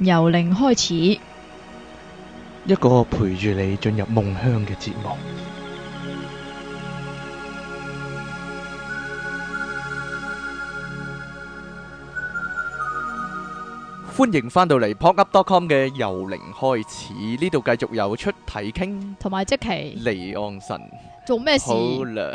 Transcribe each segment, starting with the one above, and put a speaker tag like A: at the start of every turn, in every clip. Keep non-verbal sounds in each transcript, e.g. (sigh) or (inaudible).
A: 由零開始，
B: 一個陪住你進入夢鄉嘅節目。歡迎翻到嚟 popup.com 嘅由零開始，呢度繼續有出題傾同埋即期離岸神
A: 做咩事？好
B: 喇，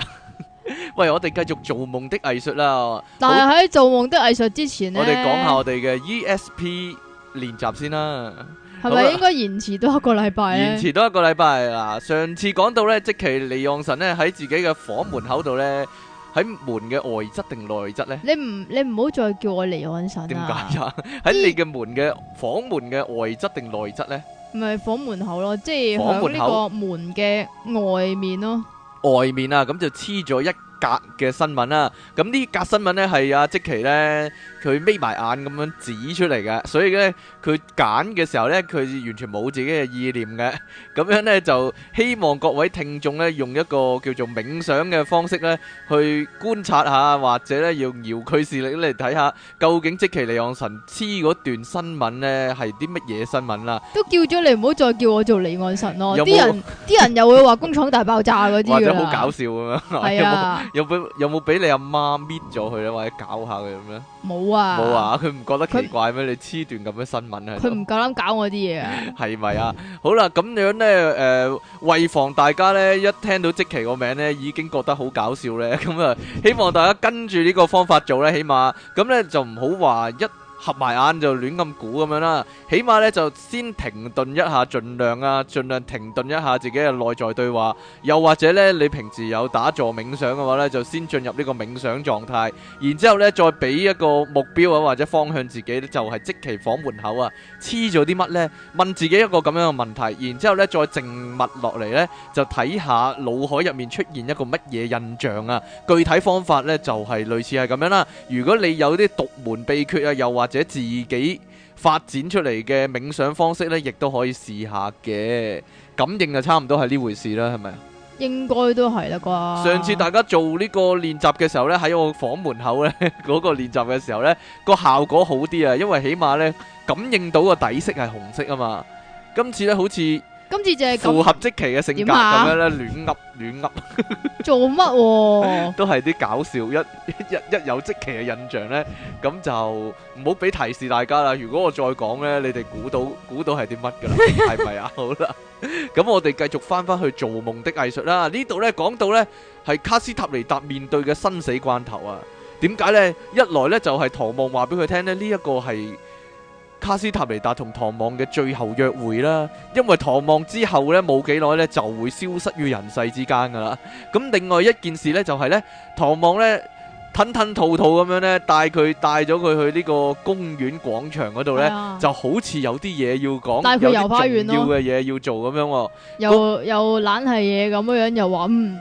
B: 喂，我哋繼續做夢的藝術啦！但係喺
A: 做夢的藝術之前呢，我哋講下
B: 我哋嘅 ESP。練習先啦，係咪應
A: 該延遲多一個禮拜？延遲
B: 多一個禮拜。嗱，上次講到咧，即其利用神咧喺自己嘅房門口度咧，喺門嘅外側定內側咧？
A: 你唔你唔好再叫我利用神啊！點解
B: 啊？喺你嘅門嘅房門嘅外側定內側咧？
A: 唔係房門口咯，即係喺呢個門嘅外面咯。
B: 外面啊，咁就黐咗一格嘅新聞啦。咁呢格新聞咧係啊，即其咧。佢眯埋眼咁樣指出嚟嘅，所以咧佢揀嘅時候咧，佢完全冇自己嘅意念嘅，咁樣咧就希望各位聽眾咧用一個叫做冥想嘅方式咧去觀察下，或者咧用遙距視力咧嚟睇下，究竟即其李岸臣黐嗰段新聞咧係啲乜嘢新聞啦？
A: 都叫咗你唔好再叫我做李岸臣咯，啲人啲人又會話工廠大爆炸嗰啲嘅，或者好搞
B: 笑咁樣，係啊，有冇有冇俾你阿媽搣咗佢咧，或者搞下佢咁樣？冇。冇哇啊，佢唔覺得奇怪咩？她你黐段咁嘅新聞，佢唔
A: 夠膽搞我啲嘢啊， (laughs) 啊？
B: 係咪 (laughs) 啊？好啦，咁樣呢，誒、呃，為防大家呢一聽到即奇個名呢已經覺得好搞笑呢，咁啊，希望大家跟住呢個方法做呢，起碼咁呢就唔好話一。合埋眼就亂咁估咁樣啦，起碼咧就先停頓一下盡，儘量啊，儘量停頓一下自己嘅內在對話。又或者呢，你平時有打坐冥想嘅話呢，就先進入呢個冥想狀態，然之後呢，再俾一個目標啊或者方向自己就係、是、即期房門口啊，黐咗啲乜呢？問自己一個咁樣嘅問題，然之後呢，再靜默落嚟呢，就睇下腦海入面出現一個乜嘢印象啊。具體方法呢，就係、是、類似係咁樣啦。如果你有啲獨門秘訣啊，又或者或者自己發展出嚟嘅冥想方式呢，亦都可以試下嘅。感應就差唔多係呢回事啦，係咪啊？
A: 應該都係啦啩。上次
B: 大家做呢個練習嘅時候呢，喺我房門口呢嗰 (laughs) 個練習嘅時候呢，個效果好啲啊，因為起碼呢，感應到個底色係紅色啊嘛。今次呢，好似。
A: 今次就係符合
B: 即期嘅性格咁樣咧，亂噏亂噏，
A: 做乜？
B: 都係啲搞笑，一一一有即期嘅印象咧，咁就唔好俾提示大家啦。如果我再講咧，你哋估到估到係啲乜噶啦？係咪啊？好啦，咁我哋繼續翻翻去做夢的藝術啦。呢度咧講到咧係卡斯塔尼達面對嘅生死關頭啊。點解咧？一來咧就係唐望話俾佢聽咧，呢一個係。卡斯塔尼達同唐望嘅最後約會啦，因為唐望之後咧冇幾耐咧就會消失於人世之間噶啦。咁另外一件事咧就係咧，唐望咧吞吞吐吐咁樣咧帶佢帶咗佢去呢個公園廣場嗰度咧，哎、呀就好似有啲嘢要講，帶佢遊花園有重要嘅嘢要做咁樣，又
A: 那又懶係嘢咁樣樣，又話嗯，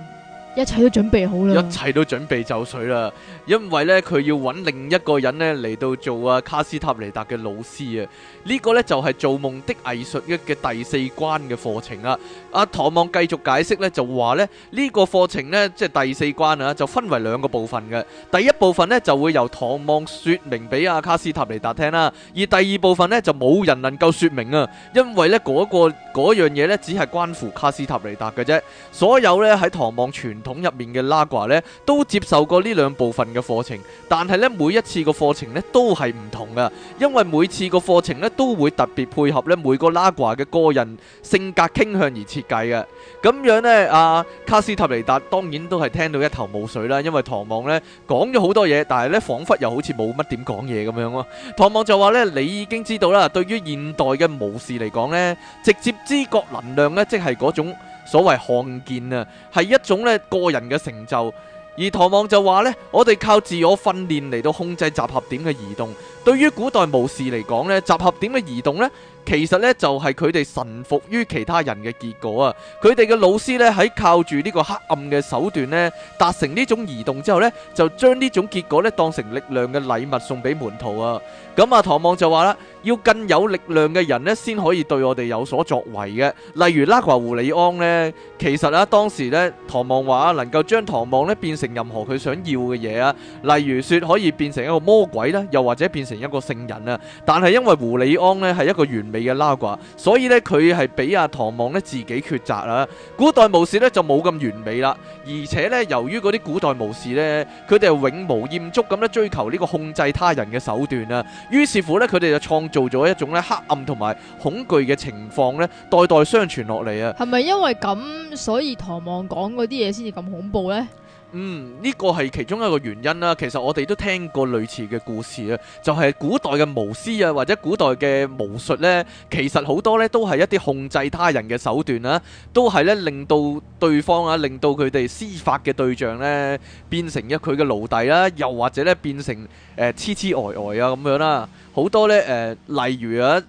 A: 一切都準備好啦，一
B: 切都準備就緒啦。因為咧，佢要揾另一個人咧嚟到做啊卡斯塔尼達嘅老師啊，呢個咧就係做夢的藝術嘅第四關嘅課程啦。阿唐望繼續解釋咧，就話咧呢、呢個課程咧即係第四關啊，就分為兩個部分嘅。第一部分咧就會由唐望說明俾阿卡斯塔尼達聽啦，而第二部分咧就冇人能夠說明啊，因為咧、嗰個樣嘢咧只係關乎卡斯塔尼達嘅啫。所有咧喺唐望傳統入面嘅拉掛咧都接受過呢兩部分嘅課程，但係咧每一次個課程咧都係唔同噶，因為每次個課程咧都會特別配合咧每個拉掛嘅個人性格傾向而設。設計嘅咁樣呢，阿卡斯塔尼達當然都係聽到一頭霧水啦，因為唐望呢講咗好多嘢，但係呢仿佛又好似冇乜點講嘢咁樣咯。唐望就話呢，你已經知道啦，對於現代嘅巫士嚟講呢，直接知覺能量呢，即係嗰種所謂看見啊，係一種呢個人嘅成就。而唐望就話呢，我哋靠自我訓練嚟到控制集合點嘅移動，對於古代巫士嚟講呢，集合點嘅移動呢。其實咧就係佢哋臣服於其他人嘅結果啊！佢哋嘅老師咧喺靠住呢個黑暗嘅手段咧，達成呢種移動之後咧，就將呢種結果咧當成力量嘅禮物送俾門徒啊！咁啊，唐望就話啦，要更有力量嘅人咧先可以對我哋有所作為嘅，例如拉華胡里安咧，其實啊當時咧，唐望話能夠將唐望咧變成任何佢想要嘅嘢啊，例如説可以變成一個魔鬼啦，又或者變成一個聖人啊，但係因為胡里安咧係一個完美。嘅 (music) 所以咧佢係俾阿唐望咧自己抉擇啦。古代巫師咧就冇咁完美啦，而且咧由於嗰啲古代巫師咧，佢哋係永無饜足咁咧追求呢個控制他人嘅手段啊。於是乎咧，佢哋就創造咗一種咧黑暗同埋恐懼嘅情況咧，代代相傳落嚟啊。係咪
A: 因為咁，所以唐望講嗰啲嘢先至咁恐怖呢？
B: 嗯，呢個係其中一個原因啦。其實我哋都聽過類似嘅故事啊，就係、是、古代嘅巫師啊，或者古代嘅巫術呢。其實好多呢都係一啲控制他人嘅手段啦、啊，都係呢令到對方啊，令到佢哋施法嘅對象呢變成咗佢嘅奴隸啦、啊，又或者呢變成誒痴痴呆呆啊咁樣啦、啊。好多呢，誒、呃，例如啊，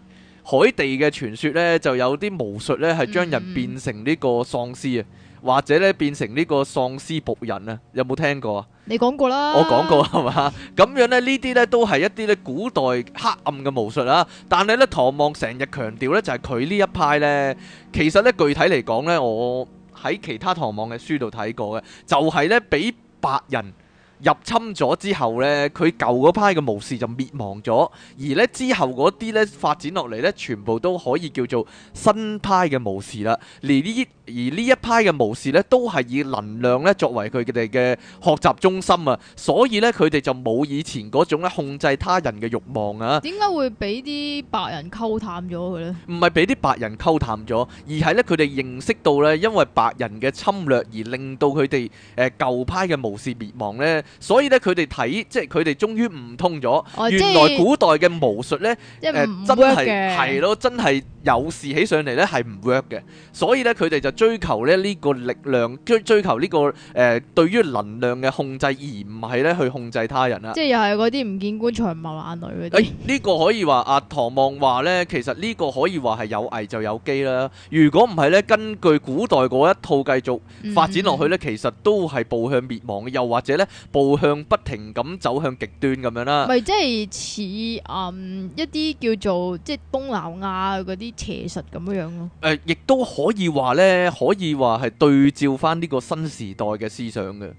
B: 海地嘅傳說呢，就有啲巫術呢係將人變成呢個喪屍啊。嗯嗯，或者咧變成呢個喪屍僕人啊？有冇聽過啊？
A: 你講過啦，我說過，我講過
B: 係嘛？咁樣咧，呢啲咧都係一啲咧古代黑暗嘅巫術啦。但係咧，唐望成日強調咧，就係佢呢一派咧，其實咧具體嚟講咧，我喺其他唐望嘅書度睇過嘅，就係咧俾白人。入侵咗之後咧，佢舊嗰批嘅巫師就滅亡咗，而咧之後嗰啲咧發展落嚟咧，全部都可以叫做新派嘅巫師啦。而呢啲而呢一派嘅巫師咧，都係以能量咧作為佢哋嘅學習中心啊，所以咧佢哋就冇以前嗰種咧控制他人嘅慾望啊。
A: 點解會俾啲白人溝淡咗佢咧？
B: 唔係俾啲白人溝淡咗，而係咧佢哋認識到咧，因為白人嘅侵略而令到佢哋誒舊派嘅巫師滅亡咧。所以咧，佢哋睇即係佢哋終於唔通咗，哦、原來古代嘅巫術咧誒真係係咯，真係有事起上嚟咧係唔 work 嘅。所以咧，佢哋就追求咧呢個力量，追追求呢、呢個誒、呃、對於能量嘅控制，而唔係咧去控制他人啦。即係
A: 又係嗰啲唔見棺材唔流眼淚啲。誒呢、
B: 哎呢個可以話阿唐望話咧，其實呢個可以話係有危就有機啦。如果唔係咧，根據古代嗰一套繼續發展落去咧，嗯嗯其實都係步向滅亡嘅，又或者咧。步向不停咁走向極端咁樣啦，咪
A: 即係似誒一啲叫做即係東南亞嗰啲邪術咁樣咯。
B: 誒、呃，亦都可以話呢，可以話係對照返呢個新時代嘅思想嘅。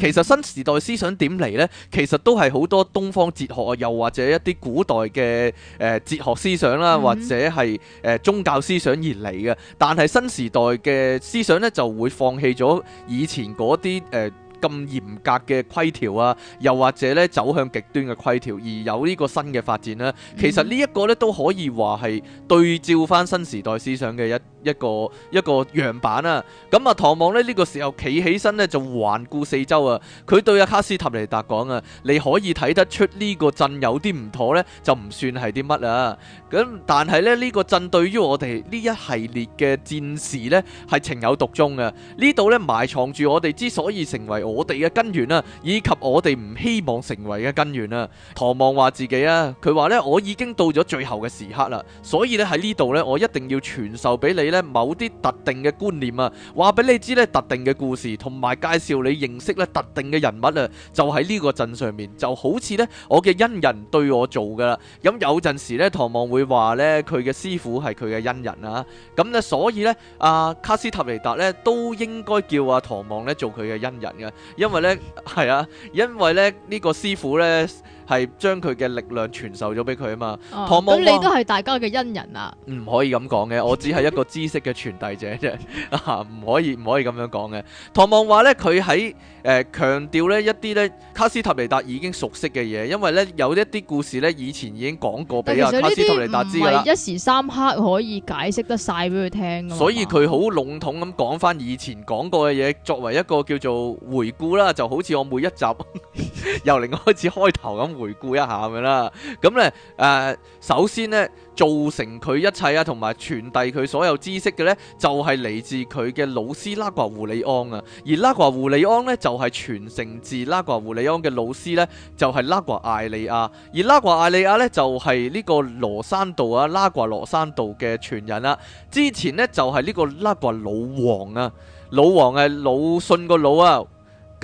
B: 其實新時代思想點嚟呢？其實都係好多東方哲學又或者一啲古代嘅誒、呃、哲學思想啦，嗯、或者係誒、呃、宗教思想而嚟嘅。但係新時代嘅思想呢，就會放棄咗以前嗰啲誒。呃咁嚴格嘅規條啊，又或者咧走向極端嘅規條，而有呢個新嘅發展啦、啊。其實呢一個咧都可以話係對照翻新時代思想嘅一一個一,一,一,一個樣板啊。咁、嗯、啊，唐望呢，呢、呢個時候企起身呢，就環顧四周啊。佢對阿卡斯塔尼達講啊：，你可以睇得出呢個鎮有啲唔妥呢，就唔算係啲乜啊。咁、嗯、但係呢，呢、呢個鎮對於我哋呢一系列嘅戰士呢，係情有獨鍾啊。呢度呢，埋藏住我哋之所以成為我哋嘅根源啊，以及我哋唔希望成為嘅根源啊。唐望話自己啊，佢話呢，我已經到咗最後嘅時刻啦，所以呢，喺呢度呢，我一定要傳授俾你呢某啲特定嘅觀念啊，話俾你知呢特定嘅故事，同埋介紹你認識呢特定嘅人物啊，就喺呢個鎮上面，就好似呢我嘅恩人對我做噶啦。咁有陣時呢，唐望會話呢，佢嘅師傅係佢嘅恩人啊，咁呢，所以呢，阿、啊、卡斯塔尼達呢，都應該叫阿唐望呢做佢嘅恩人嘅。因為咧，係啊，因為咧呢個師傅咧。係將佢嘅力量傳授咗俾佢啊嘛。哦、唐望咁你都
A: 係大家嘅恩人啊？
B: 嗯、唔可以咁講嘅，我只係一個知識嘅傳遞者啫，唔 (laughs) (laughs) 可以唔可以咁樣講嘅。唐望話咧，佢喺誒強調咧一啲咧卡斯塔尼達已經熟悉嘅嘢，因為咧有一啲故事咧以前已經講過俾阿卡斯塔尼達知噶啦，一
A: 時三刻可以解釋得晒俾佢聽。所以佢
B: 好籠統咁講翻以前講過嘅嘢，作為一個叫做回顧啦，就好似我每一集由零 (laughs) 開始開頭咁。回顧一下咁啦，咁咧誒，首先咧造成佢一切啊，同埋傳遞佢所有知識嘅咧，就係、是、嚟自佢嘅老師拉瓜胡里安啊。而拉瓜胡里安咧就係傳承自拉瓜胡里安嘅老師咧，就係、是、拉瓜艾利亞。而拉瓜艾利亞咧就係、是、呢個羅山道啊，拉瓜羅山道嘅傳人啦、啊。之前咧就係、是、呢個拉瓜老王啊，老王係魯迅個老啊。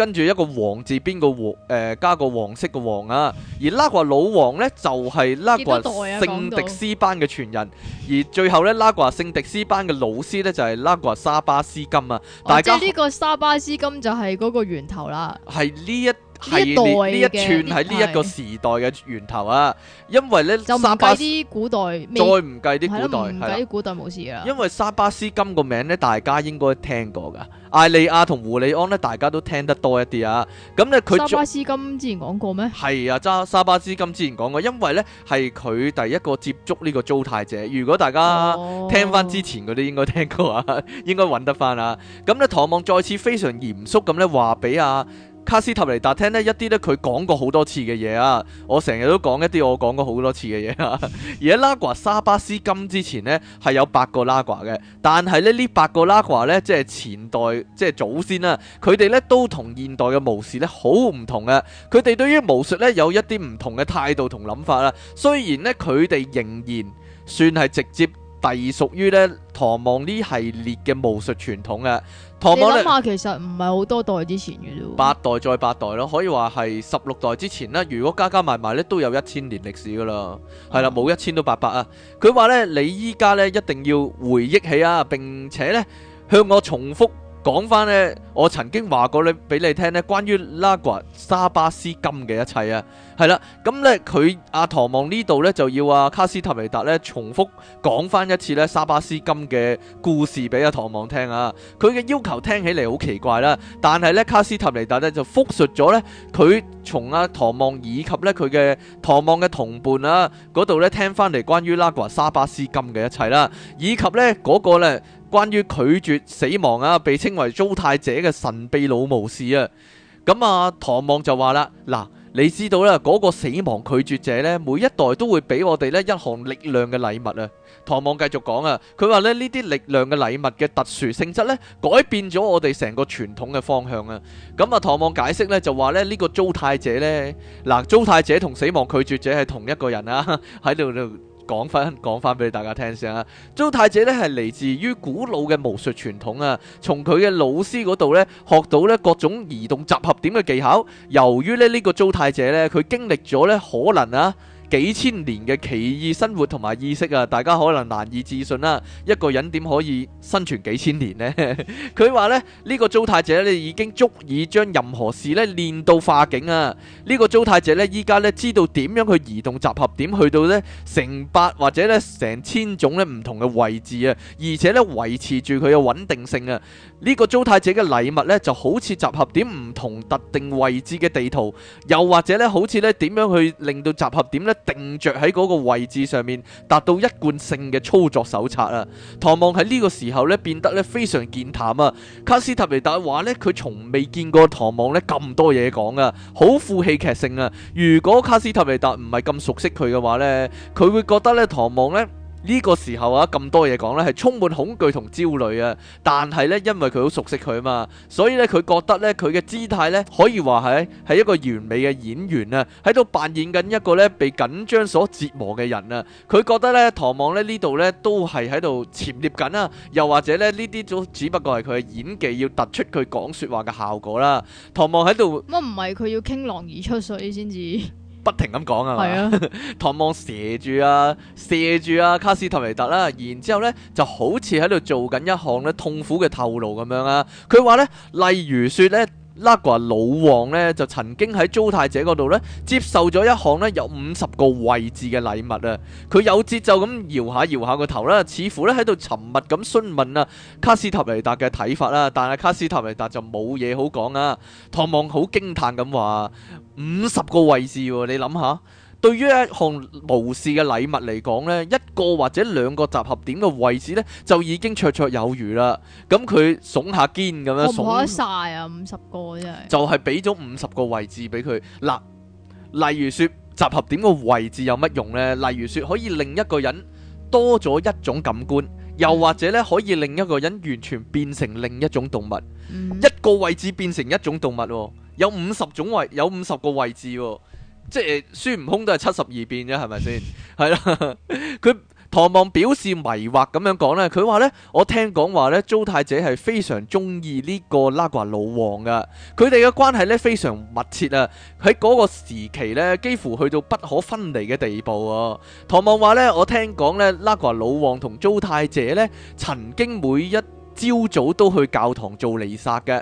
B: 跟住一個黃字邊個黃，誒、呃、加個黃色嘅黃啊。而拉瓜老王咧就係、是、拉瓜聖迪斯班嘅傳人，啊、而最後咧拉瓜聖迪斯班嘅老師咧就係、是、拉瓜沙巴斯金啊。哦、大家呢、哦、
A: 個沙巴斯金就係個源頭啦。
B: 係呢一，系列呢一串係呢一個時代嘅源頭啊！因為呢，就唔計啲古
A: 代，再唔計啲古代，唔計古代冇事啊。的
B: 因為沙巴斯金個名呢，大家應該聽過噶。艾利亞同胡里安呢，大家都聽得多一啲啊。咁呢，佢沙巴斯
A: 金之前講過咩？
B: 係啊，沙沙巴斯金之前講過，因為呢，係佢第一個接觸呢個租太者。如果大家聽翻之前嗰啲，哦、應該聽過啊，應該揾得翻啊。咁呢，唐望再次非常嚴肅咁呢話俾阿卡斯特尼達聽呢一啲咧，佢講過好多次嘅嘢啊！我成日都講一啲我講過好多次嘅嘢啊！而喺拉瓜沙巴斯金之前呢係有八個拉瓜嘅，但係咧呢八個拉瓜呢，即係前代即係祖先啦，佢哋呢都同現代嘅巫師呢好唔同嘅，佢哋對於巫術呢有一啲唔同嘅態度同諗法啦。雖然呢，佢哋仍然算係直接。第二屬於咧唐，唐望呢系列嘅巫術傳統嘅唐望咧，想想
A: 其實唔係好多代之前嘅。
B: 八代再八代咯，可以話係十六代之前啦。如果加加埋埋咧，都有一千年歷史噶啦。係啦，冇一千都八百啊。佢話咧，你依家咧一定要回憶起啊，並且咧向我重複。講翻咧，我曾經話過你俾你聽咧，關於拉瓜沙巴斯金嘅一切啊，係啦，咁咧佢阿唐望呢度咧就要阿卡斯塔尼達咧重複講翻一次咧沙巴斯金嘅故事俾阿唐望聽啊，佢嘅要求聽起嚟好奇怪啦，但係咧卡斯塔尼達咧就復述咗咧佢從阿唐望以及咧佢嘅唐望嘅同伴啊嗰度咧聽翻嚟關於拉瓜沙巴斯金嘅一切啦，以及咧、那、嗰個咧。關於拒絕死亡啊，被稱為糟太者嘅神秘老巫師啊，咁啊，唐望就話啦，嗱，你知道咧，嗰個死亡拒絕者咧，每一代都會俾我哋咧一項力量嘅禮物啊。唐望繼續講啊，佢話咧呢啲力量嘅禮物嘅特殊性質咧，改變咗我哋成個傳統嘅方向啊。咁啊，唐望解釋咧就話咧呢個糟太者咧，嗱，糟太者同死亡拒絕者係同一個人啊，喺度度。講翻講翻俾大家聽先啊，焦太姐呢係嚟自於古老嘅巫術傳統啊，從佢嘅老師嗰度呢，學到呢各種移動集合點嘅技巧。由於呢呢個焦太姐呢，佢經歷咗呢可能啊，幾千年嘅奇異生活同埋意識啊，大家可能難以置信啦。一個人點可以生存幾千年呢？佢話呢，呢個租太者呢已經足以將任何事呢練到化境啊。呢個租太者呢，依家呢知道點樣去移動集合點去到呢成百或者呢成千種呢唔同嘅位置啊，而且呢維持住佢嘅穩定性啊。呢個租太者嘅禮物呢，就好似集合點唔同特定位置嘅地圖，又或者呢，好似呢點樣去令到集合點呢。定着喺嗰個位置上面，達到一貫性嘅操作手冊啊！唐望喺呢個時候咧，變得咧非常健談啊！卡斯塔尼達話咧，佢從未見過唐望咧咁多嘢講啊，好富戲劇性啊！如果卡斯塔尼達唔係咁熟悉佢嘅話咧，佢會覺得咧唐望咧。呢個時候啊，咁多嘢講呢，係充滿恐懼同焦慮啊！但係呢，因為佢好熟悉佢啊嘛，所以呢，佢覺得呢，佢嘅姿態呢，可以話係係一個完美嘅演員啊，喺度扮演緊一個呢，被緊張所折磨嘅人啊！佢覺得呢，唐望呢呢度呢，都係喺度潛摣緊啊，又或者呢，呢啲都只不過係佢嘅演技要突出佢講說話嘅效果啦。唐望喺度，
A: 乜唔係佢要傾囊而出水先至？
B: 不停咁講啊嘛， (laughs) 唐望射住啊射住啊卡斯塔維達啦，然之後咧就好似喺度做緊一項咧痛苦嘅透露咁樣啊。佢話呢，例如說咧，拉瓜老王呢，就曾經喺遭太者嗰度呢，接受咗一項咧有五十個位置嘅禮物啊。佢有節奏咁搖下搖下個頭啦，似乎呢喺度沉默咁詢問啊卡斯塔維達嘅睇法啦、啊。但係卡斯塔維達就冇嘢好講啊。唐望好驚嘆咁話。五十個位置，你諗下，對於一項無視嘅禮物嚟講咧，一個或者兩個集合點嘅位置咧，就已經綽綽有餘啦。咁佢聳下肩咁樣，唔可
A: 曬啊！五十個真係就係
B: 俾咗五十個位置俾佢。嗱，例如説集合點嘅位置有乜用咧？例如説可以令一個人多咗一種感官，又或者咧可以令一個人完全變成另一種動物。一個位置變成一種動物喎。有五十種位，有五十個位置，即係孫悟空都係七十二變啫，係咪先？係啦，佢唐望表示迷惑咁樣講呢，佢話呢：「我聽講話呢，朱太姐係非常中意呢個拉瓜老王噶，佢哋嘅關係呢，非常密切啊，喺嗰個時期呢，幾乎去到不可分離嘅地步啊。」唐望話呢：「我聽講呢，拉瓜老王同朱太姐呢，曾經每一朝早都去教堂做彌撒嘅。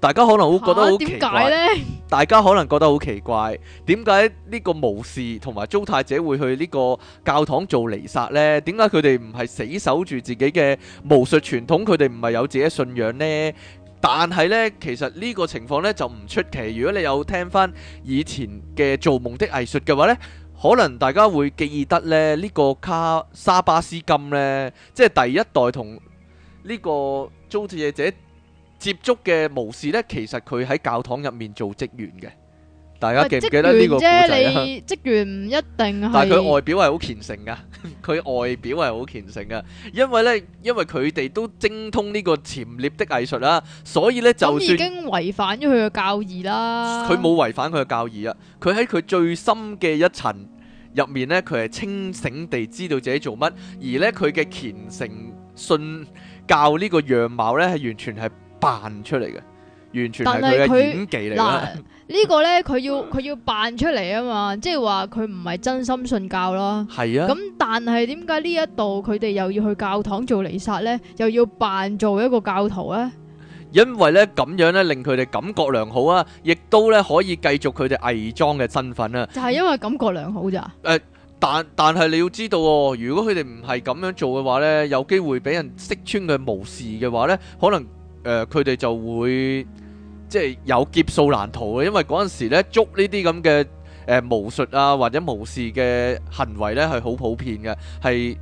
B: 大家可能會覺得好奇怪呢，啊、呢大家可能覺得好奇怪，點解呢個巫士同埋租太者會去呢個教堂做彌撒呢？點解佢哋唔係死守住自己嘅巫術傳統？佢哋唔係有自己信仰呢？但係呢，其實呢個情況呢就唔出奇。如果你有聽翻以前嘅做夢的藝術嘅話呢，可能大家會記憶得呢呢個卡沙巴斯金呢，即係第一代同呢個租太者。接觸嘅巫師呢，其實佢喺教堂入面做職員嘅，大家記唔記得呢個古仔啊？職員
A: 啫，你職員唔一定係。但係佢外
B: 表係好虔誠㗎，佢 (laughs) 外表係好虔誠㗎，因為呢，因為佢哋都精通呢個潛獵的藝術啦、啊，所以呢，就算已經
A: 違反咗佢嘅教義啦，佢
B: 冇違反佢嘅教義啊，佢喺佢最深嘅一層入面呢，佢係清醒地知道自己做乜，而呢，佢嘅虔誠信教呢個樣貌呢，係完全係。扮出嚟嘅，完全係佢嘅演技嚟
A: (laughs) 呢個咧，佢要佢要扮出嚟啊嘛，即係話佢唔係真心信教咯。係是啊。咁但係點解呢一度佢哋又要去教堂做彌撒呢？又要扮做一個教徒咧？
B: 因為呢，咁樣咧令佢哋感覺良好啊，亦都咧可以繼續佢哋偽裝嘅身份啊。
A: 就係因為感覺良好咋、
B: 呃？但但係你要知道、哦，如果佢哋唔係咁樣做嘅話呢，有機會俾人識穿佢無視嘅話呢，可能。誒，佢哋、呃、就會即係有劫數難逃嘅，因為嗰陣時咧捉呢啲咁嘅誒巫術啊或者巫事嘅行為咧係好普遍嘅，係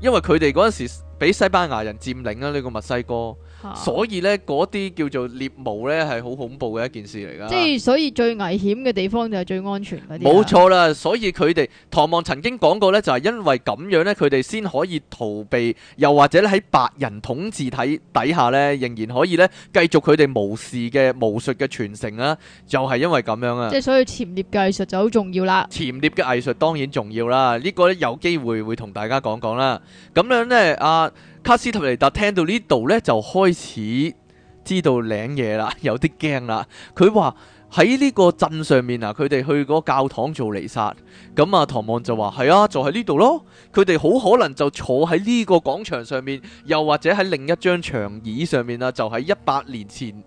B: 因為佢哋嗰陣時俾西班牙人佔領啦，呢、這個墨西哥。所以咧，嗰啲叫做獵巫咧，係好恐怖嘅一件事嚟噶。即係
A: 所以最危險嘅地方就係最安全嗰啲。冇錯
B: 啦，所以佢哋唐望曾經講過咧，就係因為咁樣咧，佢哋先可以逃避，又或者咧喺白人統治體底下咧，仍然可以咧繼續佢哋巫事嘅巫術嘅傳承啦，就係因為咁樣啊。即係
A: 所以潛獵嘅藝術就好重要啦。
B: 潛獵嘅藝術當然重要啦，呢個咧有機會會同大家講講啦。咁樣咧，啊。卡斯特尼達聽到呢度呢，就開始知道領嘢啦，有啲驚啦。佢話喺呢個鎮上面啊，佢哋去嗰教堂做彌撒。咁啊，唐望就話：係啊，就喺呢度咯。佢哋好可能就坐喺呢個廣場上面，又或者喺另一張長椅上面啦。就喺一百年前，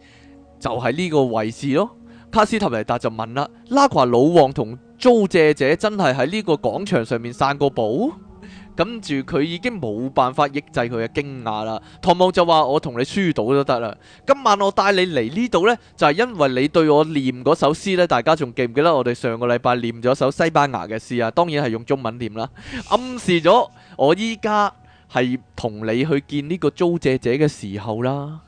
B: 就喺呢個位置咯。卡斯特尼達就問啦：拉胯老王同租借者真係喺呢個廣場上面散過步？跟住佢已經冇辦法抑制佢嘅驚訝啦。唐望就話：我同你輸到都得啦。今晚我帶你嚟呢度呢，就係因為你對我念嗰首詩呢。大家仲記唔記得我哋上個禮拜念咗首西班牙嘅詩啊？當然係用中文念啦，暗示咗我依家係同你去見呢個租借者嘅時候啦。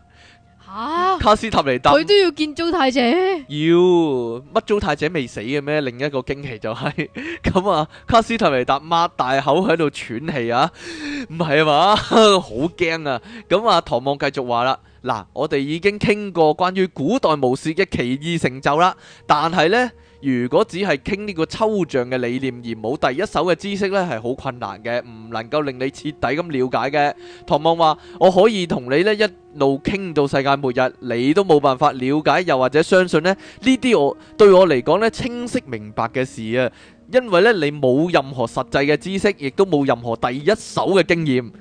B: 就是、 (laughs) 啊！卡斯塔尼達佢都
A: 要見租太姐，
B: 要乜租太姐未死嘅咩？另一個驚奇就係咁啊！卡斯塔尼達擘大口喺度喘氣啊，唔係啊嘛，好驚啊！咁啊，唐望繼續話啦，嗱，我哋已經傾過關於古代巫士嘅奇異成就啦，但係呢。如果只係傾呢個抽象嘅理念而冇第一手嘅知識呢係好困難嘅，唔能夠令你徹底咁了解嘅。唐望話：我可以同你呢一路傾到世界末日，你都冇辦法了解又或者相信呢呢啲我對我嚟講呢清晰明白嘅事啊，因為呢，你冇任何實際嘅知識，亦都冇任何第一手嘅經驗。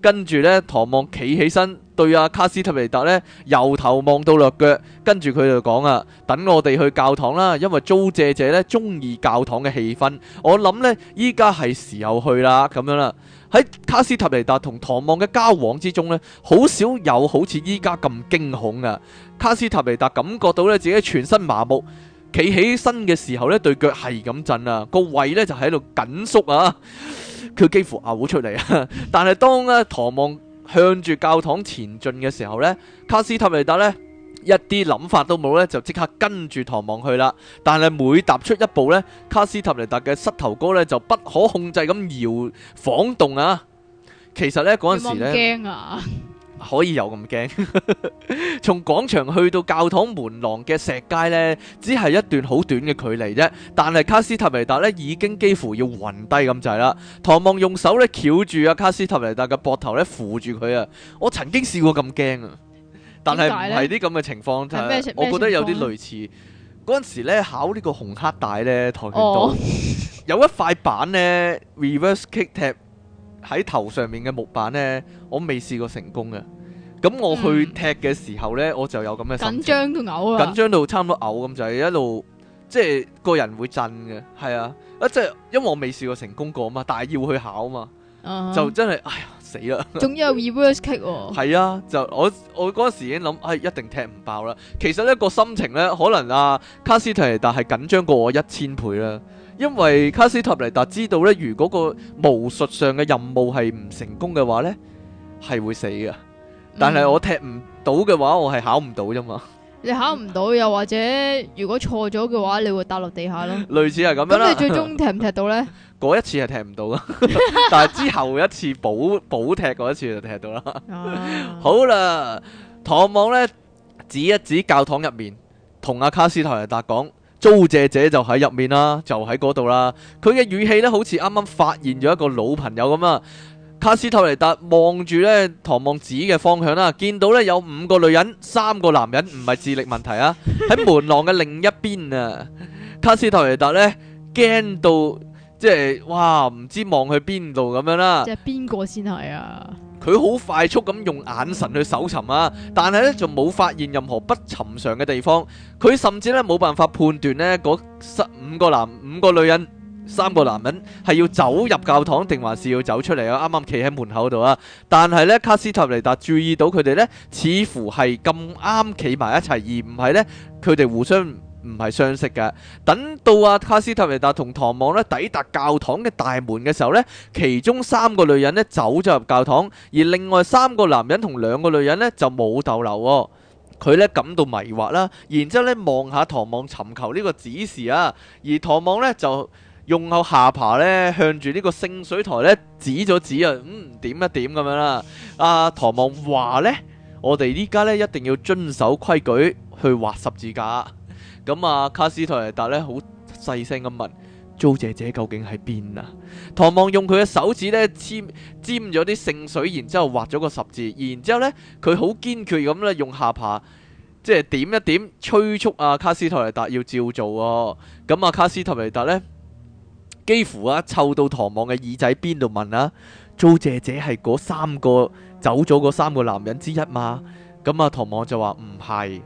B: 跟住咧，唐望企起身，對阿、啊、卡斯塔尼達咧，由頭望到落腳。跟住佢就講啊，等我哋去教堂啦，因為租借者咧，中意教堂嘅氣氛。我諗呢，依家係時候去啦，咁樣啦、啊。喺卡斯塔尼達同唐望嘅交往之中呢，好少有好似依家咁驚恐啊。卡斯塔尼達感覺到咧，自己全身麻木，企起身嘅時候咧，對腳係咁震啊，個胃咧就喺度緊縮啊。佢幾乎拗唔出嚟啊！但係當咧，唐望向住教堂前進嘅時候呢，卡斯塔尼達呢一啲諗法都冇呢，就即刻跟住唐望去啦。但係每踏出一步呢，卡斯塔尼達嘅膝頭哥呢就不可控制咁搖晃動啊！其實呢嗰陣時咧，有冇驚啊！可以有咁驚？從廣場去到教堂門廊嘅石階呢只係一段好短嘅距離啫。但係卡斯塔尼達咧已經幾乎要暈低咁滯啦。唐望用手咧翹住阿卡斯塔尼達嘅膊頭咧扶住佢啊！我曾經試過咁驚啊！但係唔係啲咁嘅情況，啊、我覺得有啲類似嗰陣時呢考呢個紅黑帶呢跆拳道有一塊板呢。reverse kick 踢。喺頭上面嘅木板咧，我未試過成功嘅。咁我去踢嘅時候咧，嗯、我就有咁嘅心情，
A: 緊張到嘔啊！緊
B: 張到差唔多嘔咁，就係、是、一路即係個人會震嘅，係啊！啊，即係因為我未試過成功過啊嘛，但係要去考啊嘛，嗯、
A: 就真
B: 係哎呀死啦！仲
A: 有 reverse kick 喎！係
B: 啊，就我我嗰陣時已經諗，哎，一定踢唔爆啦。其實一、那個心情咧，可能阿、啊、卡斯塔尼達係緊張過我一千倍啦。因為卡斯托尼達知道咧，如果個巫術上嘅任務係唔成功嘅話咧，係會死嘅。但係我踢唔到嘅話，我係考唔到啫嘛。
A: 你考唔到，又或者如果錯咗嘅話，你會踏落地下
B: 咯。類似係咁樣啦。即你最終
A: 踢唔踢到咧？
B: 嗰 (laughs) 一次係踢唔到啦， (laughs) (laughs) 但係之後一次補補踢嗰一次就踢到啦。 (laughs) ah. 好啦，唐望咧指一指教堂入面，同阿卡斯托尼達講。租借者就喺入面啦，就喺嗰度啦。佢嘅語氣咧，好似啱啱發現咗一個老朋友咁啊。卡斯托尼達望住咧唐望子嘅方向啦，啊，見到咧有五個女人，三個男人，唔係智力問題啊。喺門廊嘅另一邊啊， (laughs) 卡斯托尼達呢驚到，即係哇，唔知望去邊度咁樣啦。即係
A: 邊個先係啊？
B: 佢好快速咁用眼神去搜尋啊，但係咧就冇發現任何不尋常嘅地方。佢甚至咧冇辦法判斷咧嗰十五個男五個女人三個男人係要走入教堂定還是要走出嚟啊！啱啱企喺門口度啊，但係咧卡斯塔尼達注意到佢哋咧，似乎係咁啱企埋一齊，而唔係咧佢哋互相。唔係相識嘅。等到阿卡斯泰瑞達同唐望呢抵達教堂嘅大門嘅時候呢，其中三個女人呢走咗入教堂，而另外三個男人同兩個女人呢就冇逗留。佢呢感到迷惑啦，然之後咧望下唐望尋求呢個指示啊。而唐望呢就用下下爬呢向住呢個聖水台呢指咗指啊，嗯，點一點咁樣啦。阿、啊、唐望話呢：「我哋依家呢一定要遵守規矩去畫十字架。咁啊，卡斯塔尼達咧好細聲咁問，租借者究竟喺邊啊？唐望用佢嘅手指咧沾沾咗啲聖水，然之後畫咗個十字，然之後咧佢好堅決咁咧用下巴即係點一點催促阿卡斯塔尼達要照做。咁啊，卡斯塔尼達咧幾乎啊湊到唐望嘅耳仔邊度問啊，租借者係嗰三個走咗嗰三個男人之一嘛？咁啊，唐望就話唔係，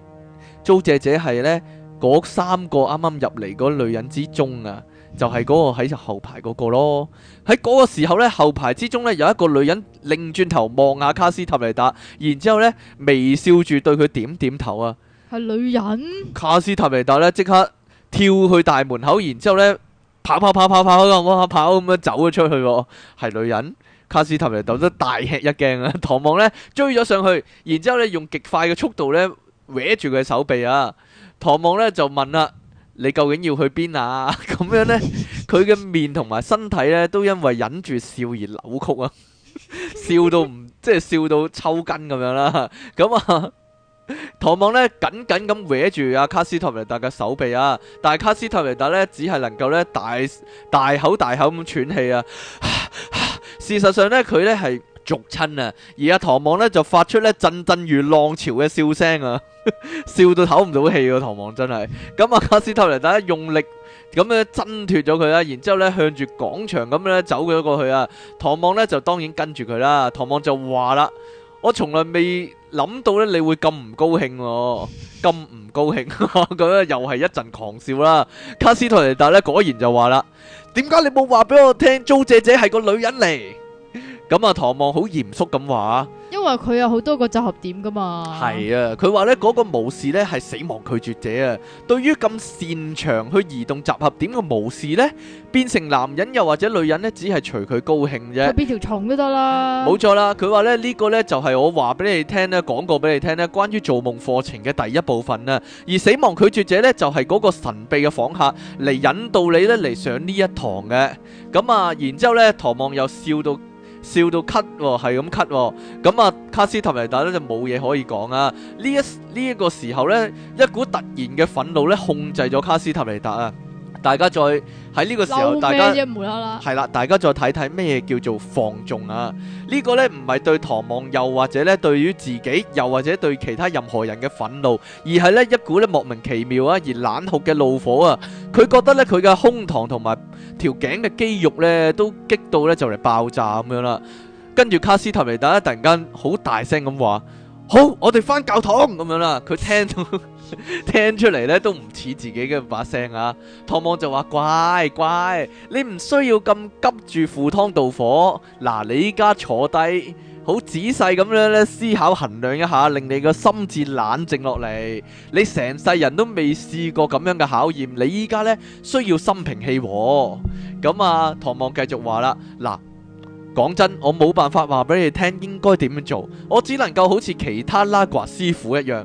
B: 租借者係咧，嗰三個啱啱入嚟嗰女人之中啊，就係嗰個喺後排嗰個咯。喺嗰個時候呢，後排之中呢，有一個女人擰轉頭望下卡斯塔尼達，然之後呢微笑住對佢點點頭啊。
A: 係女人。
B: 卡斯塔尼達呢即刻跳去大門口，然之後呢跑跑跑跑跑咁啊跑咁樣走咗出去喎。係女人。卡斯塔尼達都大吃一驚啊！唐望呢追咗上去，然之後呢用極快嘅速度呢搲住佢手臂啊！唐望咧就問啦、啊：你究竟要去邊啊？咁樣咧，佢嘅面同埋身體咧都因為忍住笑而扭曲啊！笑到唔，即係笑到抽筋咁樣啦。咁啊，唐望咧緊緊咁搲住阿卡斯托維達嘅手臂啊，但係卡斯托維達咧只係能夠咧大大口大口咁喘氣啊,啊。事實上咧，佢咧係。俗親啊！而阿唐望呢就發出呢陣陣如浪潮嘅笑聲啊，笑到唞唔到氣啊！唐望真係咁阿卡斯托尼達用力咁樣掙脱咗佢啦，然之後呢向住廣場咁樣走咗過去啊！唐望呢就當然跟住佢啦，唐望就話啦：我從來未諗到呢你會咁唔高興，咁唔高興！咁樣又係一陣狂笑啦！卡斯托尼達呢果然就話啦：點解你冇話俾我聽？租姐姐係個女人嚟？咁啊！唐望好嚴肅咁話，
A: 因為佢有好多個集合點噶嘛。
B: 係啊，佢話咧嗰個武士咧係死亡拒絕者啊。對於咁擅長去移動集合點嘅武士咧，變成男人又或者女人咧，只係隨佢高興啫。變
A: 條蟲都得啦。冇
B: 錯啦，佢話咧呢個咧就係我話俾你聽咧，講過俾你聽咧，關於做夢課程嘅第一部分啊。而死亡拒絕者咧就係嗰個神秘嘅房客嚟引導你咧嚟上呢一堂嘅。咁啊，然之後咧，唐望又笑到。笑到咳喎，係咁咳喎，咁啊卡斯塔尼達咧就冇嘢可以講啊！呢一呢一個時候咧，一股突然嘅憤怒咧控制咗卡斯塔尼達啊！大家再喺呢個時候，大家係啦，大家再睇睇咩叫做放縱啊！呢個咧唔係對唐望又或者咧對於自己又或者對其他任何人嘅憤怒，而係咧一股咧莫名其妙啊而冷酷嘅怒火啊！佢覺得咧佢嘅胸膛同埋。條頸嘅肌肉咧都激到咧就嚟爆炸咁樣啦，跟住卡斯提尼達突然間好大聲咁話：好，我哋翻教堂咁樣啦。佢聽到聽出嚟咧都唔似自己嘅把聲啊。唐望就話：乖乖，你唔需要咁急住赴湯蹈火。嗱，你依家坐低。好仔細咁樣咧思考衡量一下，令你個心智冷靜落嚟。你成世人都未試過咁樣嘅考驗，你依家呢，需要心平氣和。咁啊，唐望繼續話啦，嗱，講真，我冇辦法話俾你聽應該點樣做，我只能夠好似其他拉呱師傅一樣。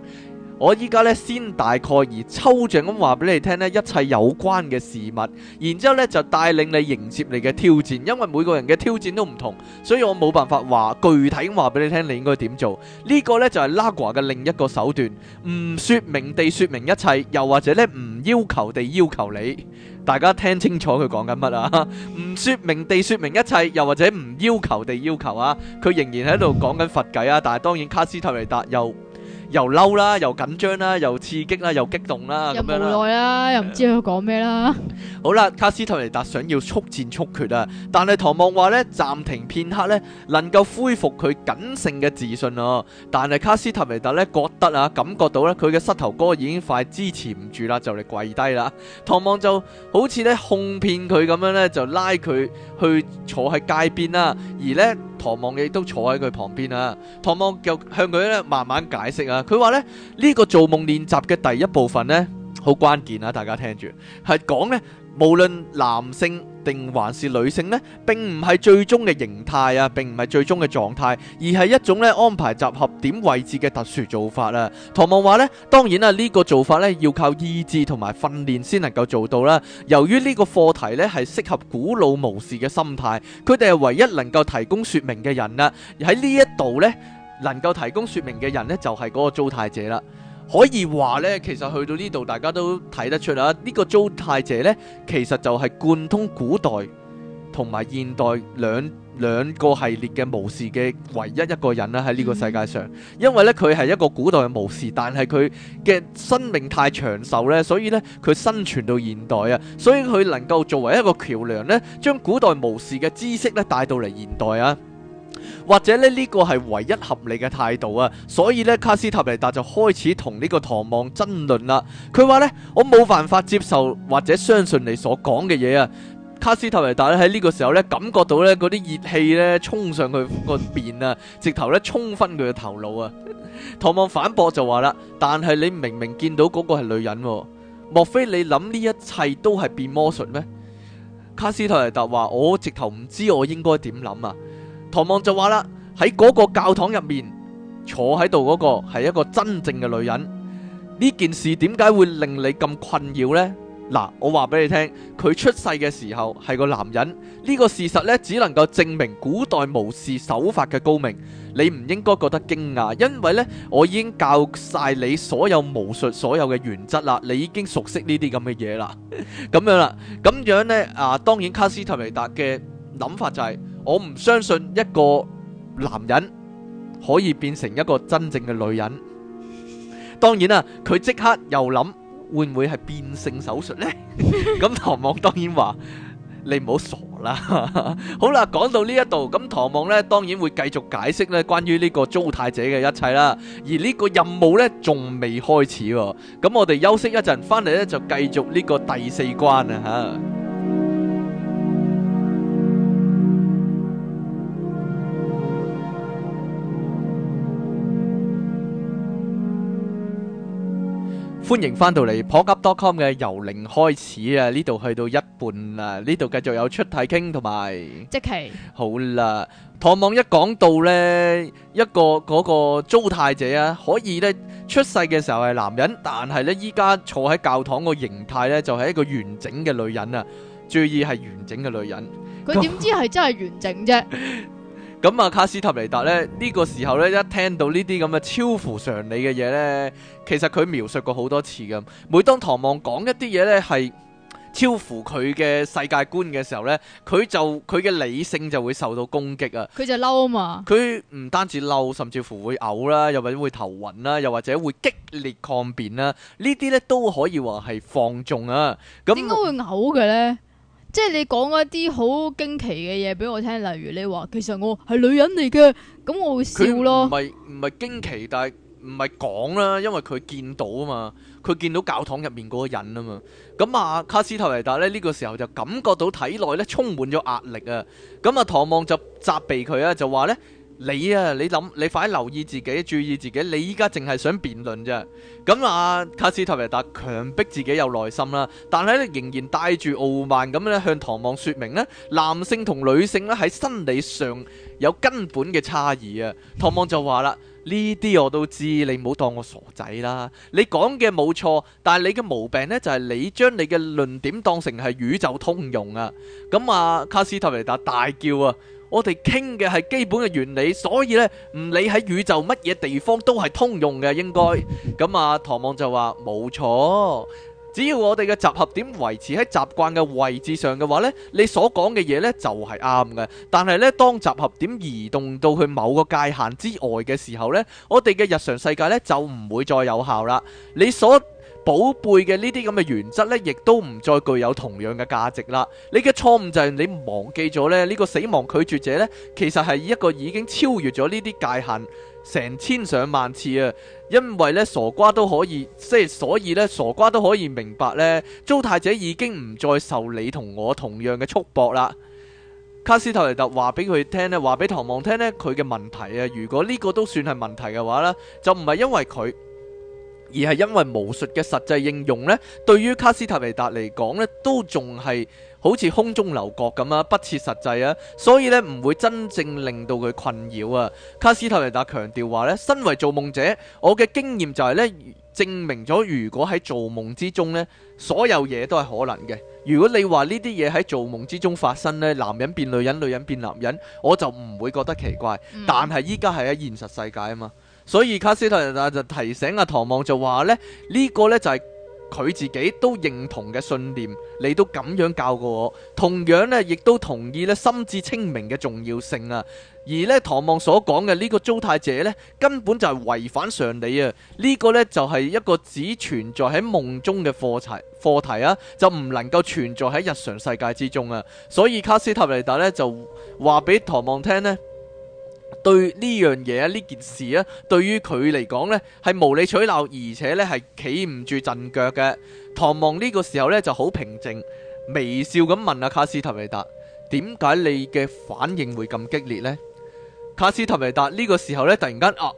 B: 我依家咧先大概而抽象咁話俾你聽咧，一切有關嘅事物，然之後咧就帶領你迎接你嘅挑戰，因為每個人嘅挑戰都唔同，所以我冇辦法話具體話俾你聽，你應該點做？這個、呢個咧就係拉瓜嘅另一個手段，唔説明地説明一切，又或者咧唔要求地要求你。大家聽清楚佢講緊乜啊？唔 (laughs) 説明地説明一切，又或者唔要求地要求啊？佢仍然喺度講緊佛偈啊，但係當然卡斯特雷達又。又嬲啦，又緊張啦，又刺激啦，又激動啦，咁樣啦。又無奈
A: 啦，又唔知佢講咩啦。
B: (laughs) (laughs) 好啦，卡斯特尼達想要速戰速決啊，但係唐望話呢，暫停片刻呢，能夠恢復佢緊性嘅自信哦。但係卡斯特尼達呢，覺得啊，感覺到呢，佢嘅膝頭哥已經快支持唔住啦，就嚟跪低啦。唐望就好似咧哄騙佢咁樣呢，就拉佢去坐喺街邊啊，而呢。唐望亦都坐喺佢旁邊啊，唐望又向佢咧慢慢解釋啊，佢話咧呢、這個做夢練習嘅第一部分咧，好關鍵啊，大家聽住，係講咧無論男性。定還是女性呢？並唔係最終嘅形態啊，並唔係最終嘅狀態，而係一種咧安排集合點位置嘅特殊做法啊。唐望話呢，當然啦，啊，呢、這個做法呢，要靠意志同埋訓練先能夠做到啦。由於呢個課題呢，係適合古老巫士嘅心態，佢哋係唯一能夠提供說明嘅人啦，啊。喺呢一度呢，能夠提供說明嘅人呢，就係、是、嗰個租貸者啦。可以話呢，其實去到呢度，大家都睇得出啦、啊。呢、呢個周太姐呢，其實就係貫通古代同埋現代兩兩個系列嘅巫師嘅唯一一個人啦、啊，喺呢個世界上。因為呢，佢係一個古代嘅巫師，但係佢嘅生命太長壽呢，所以呢，佢生存到現代啊，所以佢能夠作為一個橋梁呢，將古代巫師嘅知識呢帶到嚟現代啊。或者咧呢個係唯一合理嘅態度啊，所以呢，卡斯泰利達就開始同呢個唐望爭論啦。佢話呢，我冇辦法接受或者相信你所講嘅嘢啊。卡斯泰利達咧喺呢個時候呢，感覺到呢嗰啲熱氣呢衝上佢個面啊，直頭呢衝昏佢嘅頭腦啊。唐 (laughs) 望反駁就話啦：，但係你明明見到嗰個係女人，莫非你諗呢一切都係變魔術咩？卡斯泰利達話：，我直頭唔知我應該點諗啊。唐望就話啦，喺嗰個教堂入面坐喺度嗰個係一個真正嘅女人。呢件事點解會令你咁困擾呢？嗱，我話俾你聽，佢出世嘅時候係個男人。呢、這個事實呢，只能夠證明古代巫術手法嘅高明。你唔應該覺得驚訝，因為呢，我已經教晒你所有巫術所有嘅原則啦。你已經熟悉呢啲咁嘅嘢啦，咁 (laughs) 樣啦，咁樣呢，啊，當然卡斯塔尼達嘅諗法就係、是。我唔相信一個男人可以變成一個真正嘅女人。當然啦，佢即刻又諗會唔會係變性手術咧？咁唐望當然話，你唔好傻啦。好啦，講到呢一度，咁唐望咧當然會繼續解釋咧關於呢個糟太姐嘅一切啦。而呢個任務咧仲未開始。咁我哋休息一陣，翻嚟咧就繼續呢個第四關啊！吓。歡迎翻到嚟 pocket.com 嘅由零開始啊！呢度去到一半啦，呢度繼續有出太傾同埋即期好啦。唐望一講到咧一個嗰個朱太姐啊，可以咧出世嘅時候係男人，但係咧依家坐喺教堂個形態咧就係一個完整嘅女人啊！注意係完整嘅女人，
A: 佢點知係真係完整啫？
B: 咁啊，卡斯塔尼達咧呢個時候咧，一聽到呢啲咁嘅超乎常理嘅嘢咧，其實佢描述過好多次噶。每當唐望講一啲嘢咧，係超乎佢嘅世界觀嘅時候咧，佢就佢嘅理性就會受到攻擊啊。佢
A: 就嬲啊嘛！佢
B: 唔單止嬲，甚至乎會嘔啦，又或者會頭暈啦，又或者會激烈抗辯啦。呢啲咧都可以話係放縱啊。咁點解會嘔嘅
A: 咧？即係你講一啲好驚奇嘅嘢俾我聽，例如你話其實我係女人嚟嘅，咁我會笑咯。
B: 唔係唔係驚奇，但係唔係講啦，因為佢見到啊嘛，佢見到教堂入面嗰個人啊嘛。咁啊，卡斯特維達咧呢，呢個時候就感覺到體內咧充滿咗壓力啊。咁啊，唐望就責備佢啊，就話咧。你啊，你諗，你快留意自己，注意自己。你依家淨係想辯論啫。咁啊，卡斯特維達強逼自己有耐心啦、啊，但係咧仍然帶住傲慢咁咧向唐望說明呢，男性同女性咧喺生理上有根本嘅差異啊。唐望就話啦：呢啲我都知，你唔好當我傻仔啦。你講嘅冇錯，但係你嘅毛病呢，就係、是、你將你嘅論點當成係宇宙通用啊。咁啊，卡斯特維達大叫啊！我哋傾嘅係基本嘅原理，所以呢唔理喺宇宙乜嘢地方都係通用嘅應該。咁啊，唐望就話冇錯，只要我哋嘅集合點維持喺習慣嘅位置上嘅話呢，你所講嘅嘢呢就係啱嘅。但係呢，當集合點移動到去某個界限之外嘅時候呢，我哋嘅日常世界呢就唔會再有效啦。你所寶貝嘅呢啲咁嘅原則呢，亦都唔再具有同樣嘅價值啦。你嘅錯誤就係你忘記咗咧，呢個死亡拒絕者呢，其實係一個已經超越咗呢啲界限成千上萬次啊！因為呢傻瓜都可以，即係所以呢傻瓜都可以明白呢，糟太者已經唔再受你同我同樣嘅束縛啦。卡斯特尼特話俾佢聽咧，話俾唐望聽呢，佢嘅問題啊，如果呢個都算係問題嘅話呢，就唔係因為佢。而係因為巫術嘅實際應用咧，對於卡斯特維達嚟講咧，都仲係好似空中樓閣咁啊，不切實際啊，所以呢，唔會真正令到佢困擾啊。卡斯特維達強調話呢，身為造夢者，我嘅經驗就係呢：證明咗如果喺造夢之中呢，所有嘢都係可能嘅。如果你話呢啲嘢喺造夢之中發生呢，男人變女人，女人變男人，我就唔會覺得奇怪。嗯、但係依家係喺現實世界啊嘛。所以卡斯塔利達就提醒阿唐望就話咧呢個呢，這個、就係佢自己都認同嘅信念，你都咁樣教過我，同樣呢亦都同意呢心智清明嘅重要性啊。而呢唐望所講嘅呢個糟蹋者呢，根本就係違反常理啊！呢、這個呢就係一個只存在喺夢中嘅課題課題啊，就唔能夠存在喺日常世界之中啊！所以卡斯塔利達呢，就話俾唐望聽呢。對呢樣嘢，呢件事啊，對於佢嚟講呢係無理取鬧，而且呢係企唔住陣腳嘅。唐望呢個時候呢就好平靜，微笑咁問阿、啊、卡斯特維達：「點解你嘅反應會咁激烈呢？」卡斯特維達呢個時候呢，突然間啊，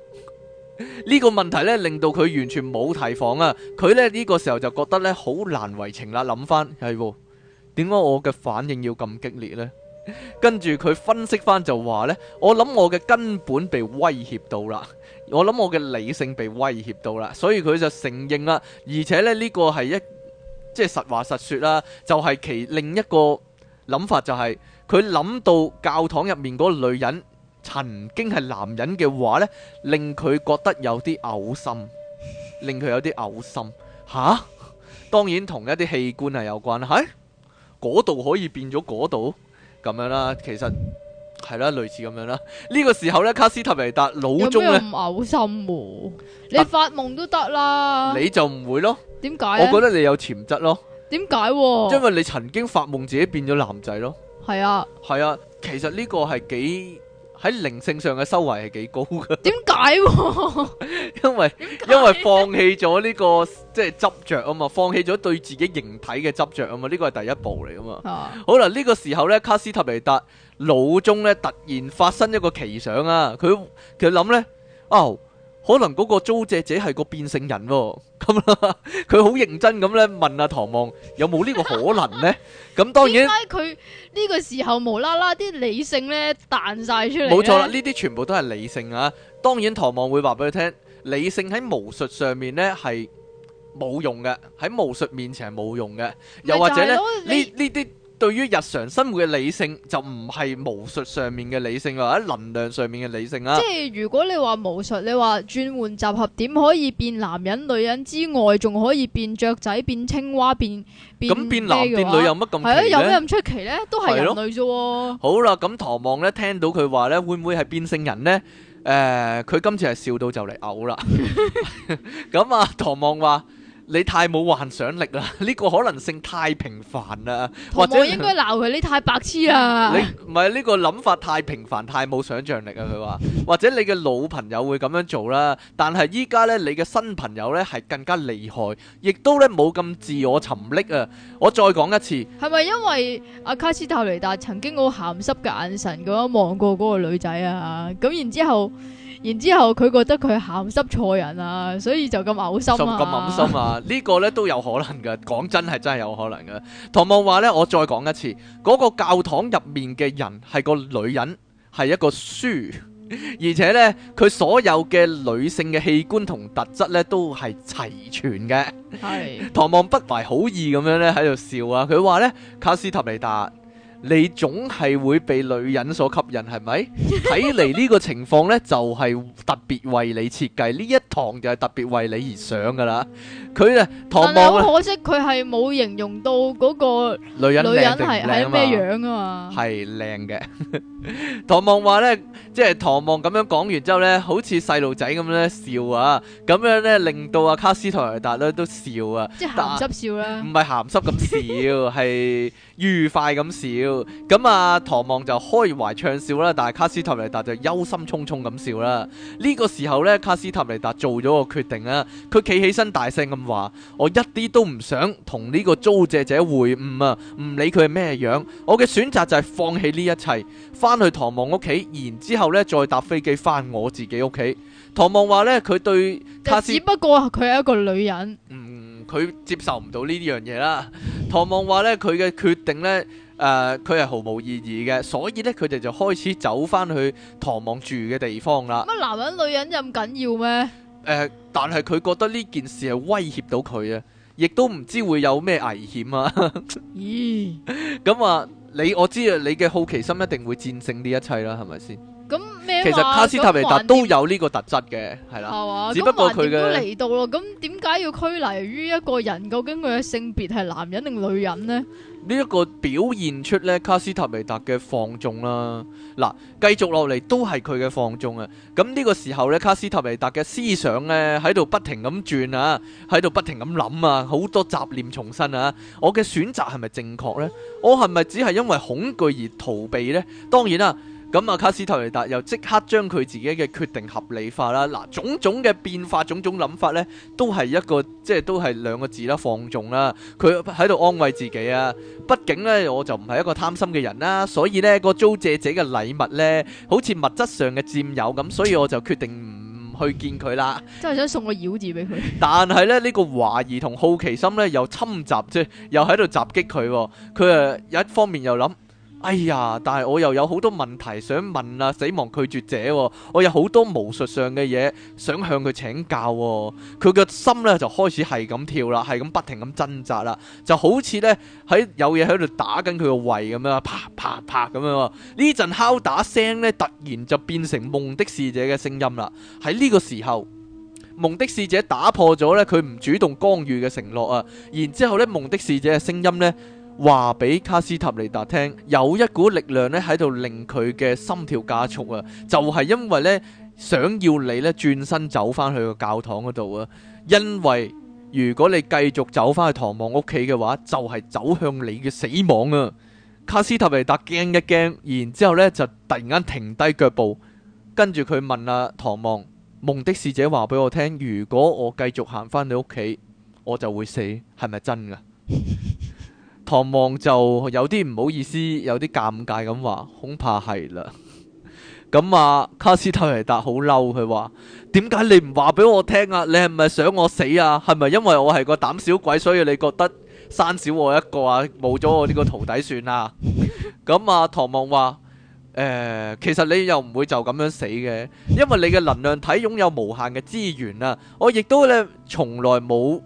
B: 呢 (laughs) 個問題呢令到佢完全冇提防啊！佢呢，呢、這個時候就覺得呢好難為情啦。諗翻係，點解我嘅反應要咁激烈呢？跟住佢分析翻就話呢，我諗我嘅根本被威脅到啦，我諗我嘅理性被威脅到啦，所以佢就承認啦，而且呢，呢個係一即係實話實說啦，就係其另一個諗法就係佢諗到教堂入面嗰個女人曾經係男人嘅話呢，令佢覺得有啲嘔心，令佢有啲嘔心吓，當然同一啲器官係有關係嗰度可以變咗嗰度。咁樣啦，其實係啦，類似咁樣啦。呢、這個時候咧，卡斯特維達腦中咧，有咩
A: 咁嘔心，啊？你發夢都得啦，你
B: 就唔會咯？
A: 點解？我覺得
B: 你有潛質咯。
A: 點解，啊？因為
B: 你曾經發夢自己變咗男仔咯。係啊，係啊，其實呢個係幾。喺靈性上嘅修為係幾高嘅、啊。點解？因
A: 為，
B: 為因為放棄咗呢、這個即係、就是、執着啊嘛，放棄咗對自己形體嘅執着啊嘛，呢個係第一步嚟啊嘛。啊，好啦，呢、這個時候咧，卡斯塔尼達腦中咧，突然發生一個奇想啊，佢佢諗咧啊。可能嗰個租借者係個變性人喎、哦，咁啦，佢好認真咁咧問阿、啊、唐望有冇呢個可能呢？咁 (laughs) 當然，點解
A: 佢呢個時候無啦啦啲理性咧彈晒出嚟？冇錯啦，呢
B: 啲全部都係理性啊！當然，唐望會話俾佢聽，理性喺巫術上面咧係冇用嘅，喺巫術面前係冇用嘅，又或者咧呢呢啲。對於日常生活嘅理性就唔係巫術上面嘅理性，或者、啊、能量上面嘅理性啦。即係
A: 如果你話巫術，你話轉換集合點可以變男人女人之外，仲可以變雀仔、變青蛙、變變，變，男變女有乜咁？係啊，有咩咁出奇呢？麼麼奇呢都係人類啫。
B: 好啦，咁唐望咧聽到佢話咧，會唔會係變性人呢？誒、呃，佢今次係笑到就嚟嘔啦。咁 (laughs) (laughs) (laughs) 啊，唐望話。你太冇幻想力啦！呢、這個可能性太平凡啦，或者我應該
A: 鬧佢，你太白痴啊！ (laughs) 你
B: 唔係呢個諗法太平凡，太冇想像力啊！佢話，或者你嘅老朋友會咁樣做啦，但係依家呢，你嘅新朋友呢係更加厲害，亦都呢冇咁自我沉溺啊！我再講一次，
A: 係咪因為阿卡斯泰雷達曾經好鹹濕嘅眼神咁樣望過嗰個女仔啊？咁然之後。然之後佢覺得佢鹹濕錯人啊，所以就咁嘔心啊，咁嘔心啊，
B: 呢個咧都有可能噶，講真係真係有可能噶。唐望話咧，我再講一次，嗰個教堂入面嘅人係個女人，係一個書，而且咧佢所有嘅女性嘅器官同特質咧都係齊全嘅。係，唐望不懷好意咁樣咧喺度笑啊，佢話咧卡斯塔尼達。你總係會被女人所吸引，係咪？睇嚟呢個情況咧，就係特別為你設計，呢一堂就係特別為你而上噶啦。佢咧，唐望，但係好可
A: 惜，佢係冇形容到嗰個女人，女人係係咩樣啊？嘛，
B: 係靚嘅。唐望話咧，即係唐望咁樣講完之後咧，好似細路仔咁咧笑啊，咁樣咧令到阿卡斯泰達咧都笑啊，即係咸濕笑啦，唔係咸濕咁笑，係 (laughs) 愉快咁笑。咁啊、嗯，唐望就開懷暢笑啦，但係卡斯塔尼達就憂心忡忡咁笑啦。呢、這個時候呢，卡斯塔尼達做咗個決定啦。佢企起身，大聲咁話：我一啲都唔想同呢個租借者會晤啊，唔理佢係咩樣，我嘅選擇就係放棄呢一切，翻去唐望屋企，然之後咧再搭飛機翻我自己屋企。唐望話呢，佢對卡斯，只不過佢係一
A: 個女人，嗯，
B: 佢接受唔到呢樣嘢啦。唐望話呢，佢嘅決定呢。誒，佢係、呃、毫無意義嘅，所以咧，佢哋就開始走翻去唐望住嘅地方啦。乜
A: 男人女人咁緊要咩？
B: 誒、呃，但係佢覺得呢件事係威脅到佢啊，亦都唔知會有咩危險啊。咦？咁啊，你我知啊，你嘅好奇心一定會戰勝呢一切啦，係咪
A: 先？咁咩、嗯？其實卡斯塔尼達都
B: 有呢個特質嘅，係啦。只不過佢嘅、嗯？咁點都
A: 嚟到咯？咁點解要拘泥於一個人？究竟佢嘅性別係男人定女人呢？
B: 呢一個表現出咧卡斯塔尼達嘅放縱啦，嗱，繼續落嚟都係佢嘅放縱啊！咁、這、呢個時候咧，卡斯塔尼達嘅思想咧喺度不停咁轉啊，喺度不停咁諗啊，好多雜念重生啊！我嘅選擇係咪正確呢？我係咪只係因為恐懼而逃避呢？當然啦。咁啊，卡斯特尼達又即刻將佢自己嘅決定合理化啦。嗱，種種嘅變化，種種諗法咧，都係一個即係都係兩個字啦，放縱啦。佢喺度安慰自己啊。畢竟咧，我就唔係一個貪心嘅人啦、啊。所以咧，個租借者嘅禮物咧，好似物質上嘅佔有咁，所以我就決定唔去見佢啦。
A: 真係想送個妖字俾佢。
B: 但係咧，呢個懷疑同好奇心咧，又侵襲，即又喺度襲擊佢。佢啊，有一方面又諗。哎呀！但係我又有好多問題想問啊，死亡拒絕者、哦，我有好多巫術上嘅嘢想向佢請教、哦。佢個心咧就開始係咁跳啦，係咁不停咁掙扎啦，就好似咧喺有嘢喺度打緊佢個胃咁樣，啪啪啪咁樣、哦。呢陣敲打聲咧，突然就變成夢的使者嘅聲音啦。喺呢個時候，夢的使者打破咗咧佢唔主動干預嘅承諾啊。然之後咧，夢的使者嘅聲音咧。話俾卡斯塔尼達聽，有一股力量咧喺度令佢嘅心跳加速啊！就係、是、因為呢，想要你呢轉身走返去個教堂嗰度啊！因為如果你繼續走返去唐望屋企嘅話，就係、是、走向你嘅死亡啊！卡斯塔尼達驚一驚，然之後咧就突然間停低腳步，跟住佢問阿唐望：夢的使者話俾我聽，如果我繼續行返你屋企，我就會死，係咪真㗎？ (laughs) 唐望就有啲唔好意思，有啲尷尬咁話，恐怕係啦。咁 (laughs) 啊、嗯，卡斯泰尼達好嬲佢話：點解你唔話俾我聽啊？你係咪想我死啊？係咪因為我係個膽小鬼，所以你覺得生小我一個啊？冇咗我呢個徒弟算啦。咁 (laughs) 啊、嗯，唐望話：誒、呃，其實你又唔會就咁樣死嘅，因為你嘅能量體擁有無限嘅資源啊！我亦都咧從來冇。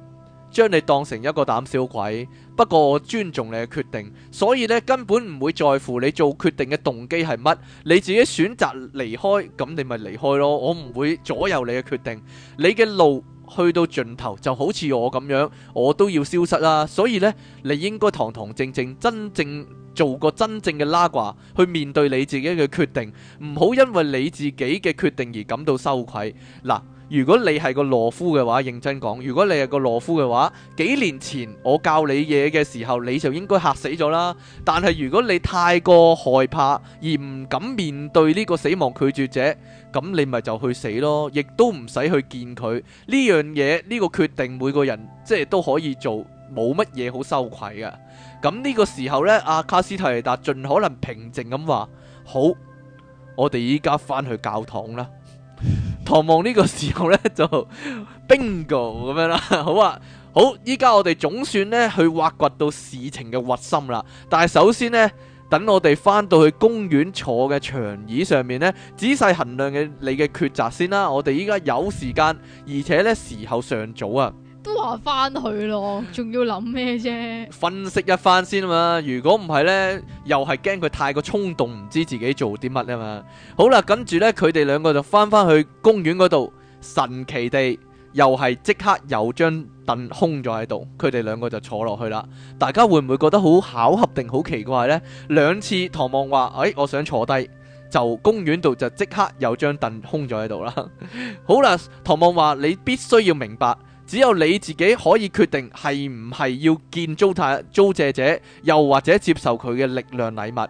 B: 將你當成一個膽小鬼，不過我尊重你嘅決定，所以咧根本唔會在乎你做決定嘅動機係乜，你自己選擇離開，咁你咪離開咯，我唔會左右你嘅決定。你嘅路去到盡頭就好似我咁樣，我都要消失啦，所以呢，你應該堂堂正正、真正做個真正嘅拉瓜，去面對你自己嘅決定，唔好因為你自己嘅決定而感到羞愧嗱。如果你係個懦夫嘅話，認真講；如果你係個懦夫嘅話，幾年前我教你嘢嘅時候，你就應該嚇死咗啦。但係如果你太過害怕而唔敢面對呢個死亡拒絕者，咁你咪就去死咯，亦都唔使去見佢。呢樣嘢，呢個決定，每個人即係都可以做，冇乜嘢好羞愧嘅。咁呢個時候呢，阿卡斯提達盡可能平靜咁話：好，我哋依家翻去教堂啦。唐望呢個時候呢，就 bingo 咁樣啦，好啊，好，依家我哋總算呢去挖掘到事情嘅核心啦，但係首先呢，等我哋翻到去公園坐嘅長椅上面呢，仔細衡量嘅你嘅抉擇先啦，我哋依家有時間，而且呢時候尚早啊。
A: 都話翻去咯，仲要諗咩啫？
B: 分析一番先嘛。如果唔係呢，又係驚佢太過衝動，唔知自己做啲乜啊嘛。好啦，跟住呢，佢哋兩個就翻翻去公園嗰度，神奇地又係即刻有張凳空咗喺度。佢哋兩個就坐落去啦。大家會唔會覺得好巧合定好奇怪呢？兩次唐望話，哎，我想坐低，就公園度就即刻有張凳空咗喺度啦。 (laughs) 好啦，唐望話，你必須要明白。只有你自己可以決定係唔係要見租太租借者，又或者接受佢嘅力量禮物。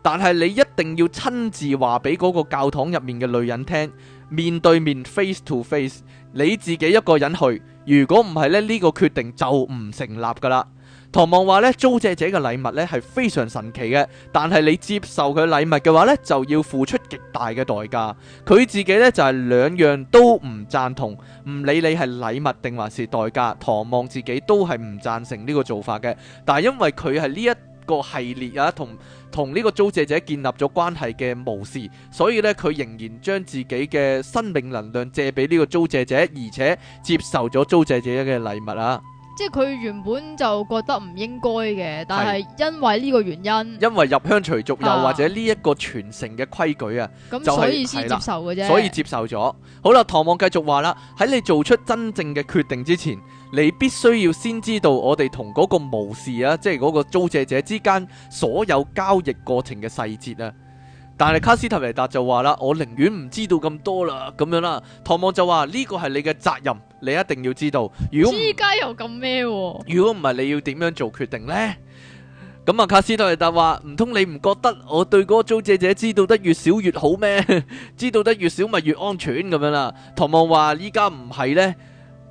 B: 但係你一定要親自話俾嗰個教堂入面嘅女人聽，面對面 face to face，你自己一個人去。如果唔係咧，呢個決定就唔成立噶啦。唐望話咧，租借者嘅禮物咧係非常神奇嘅，但係你接受佢禮物嘅話咧，就要付出極大嘅代價。佢自己咧就係兩樣都唔贊同，唔理你係禮物定還是代價。唐望自己都係唔贊成呢個做法嘅，但係因為佢係呢一個系列啊，同同呢個租借者建立咗關係嘅巫師，所以咧佢仍然將自己嘅生命能量借俾呢個租借者，而且接受咗租借者嘅禮物啊。
A: 即係佢原本就覺得唔應該嘅，但係因為呢個原因，
B: 因為入鄉隨俗又或者呢一個傳承嘅規矩啊，咁所以先接受嘅啫，所以接受咗。好啦，唐望繼續話啦，喺你做出真正嘅決定之前，你必須要先知道我哋同嗰個巫師啊，即係嗰個租借者之間所有交易過程嘅細節啊。但係卡斯特維達就話啦，我寧願唔知道咁多啦，咁樣啦。唐望就話呢個係你嘅責任，你一定要知道。如果依
A: 家又咁咩？如果
B: 唔係，要你要點樣做決定呢？咁啊，卡斯特維達話唔通你唔覺得我對嗰個租借者知道得越少越好咩？ (laughs) 知道得越少咪越安全咁樣啦。唐望話依家唔係呢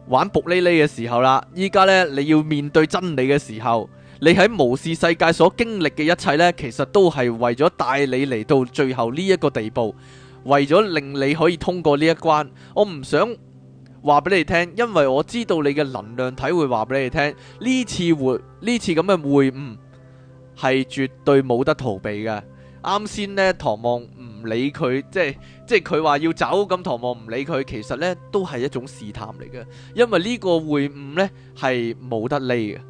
B: 玩薄哩哩嘅時候啦，依家呢你要面對真理嘅時候。你喺無視世界所經歷嘅一切呢，其實都係為咗帶你嚟到最後呢一個地步，為咗令你可以通過呢一關。我唔想話俾你聽，因為我知道你嘅能量體會話俾你聽，呢次會呢次咁嘅會晤係絕對冇得逃避嘅。啱先呢，唐望唔理佢，即係即係佢話要走，咁唐望唔理佢，其實呢都係一種試探嚟嘅，因為呢個會晤呢係冇得匿嘅。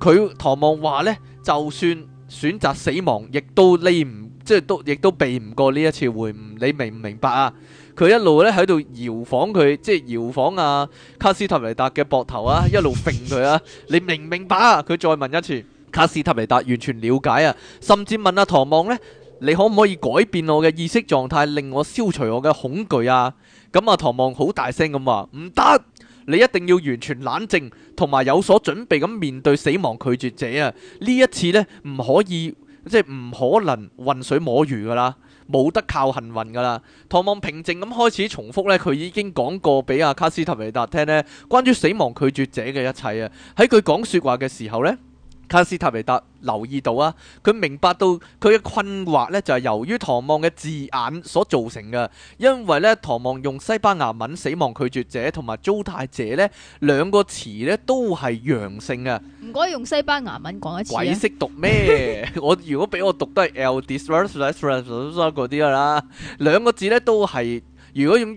B: 佢唐望話呢，就算選擇死亡，亦都呢唔即係都亦都避唔過呢一次會晤，你明唔明白啊？佢一路咧喺度搖晃佢，即係搖晃啊卡斯塔尼達嘅膊頭啊，一路揈佢啊！ (laughs) 你明唔明白啊？佢再問一次，卡斯塔尼達完全了解啊，甚至問阿、啊、唐望咧，你可唔可以改變我嘅意識狀態，令我消除我嘅恐懼啊？咁、嗯、阿唐望好大聲咁話，唔得！你一定要完全冷靜，同埋有，有所準備咁面對死亡拒絕者啊！呢一次呢，唔可以，即係唔可能混水摸魚噶啦，冇得靠幸運噶啦。唐望平靜咁開始重複呢，佢已經講過俾阿卡斯特尼達聽呢，關於死亡拒絕者嘅一切啊！喺佢講説話嘅時候呢。卡斯塔維特留意到啊，佢明白到佢嘅困惑咧，就係由於唐望嘅字眼所造成嘅，因為咧唐望用西班牙文死亡拒絕者同埋租貸者咧兩個詞咧都係陽性啊。唔
A: 該用西班牙文講一次，鬼識
B: 讀咩？我 (laughs) (laughs) 如果俾我讀都係 l d i s r e 嗰啲啦，兩個字咧都係如果用。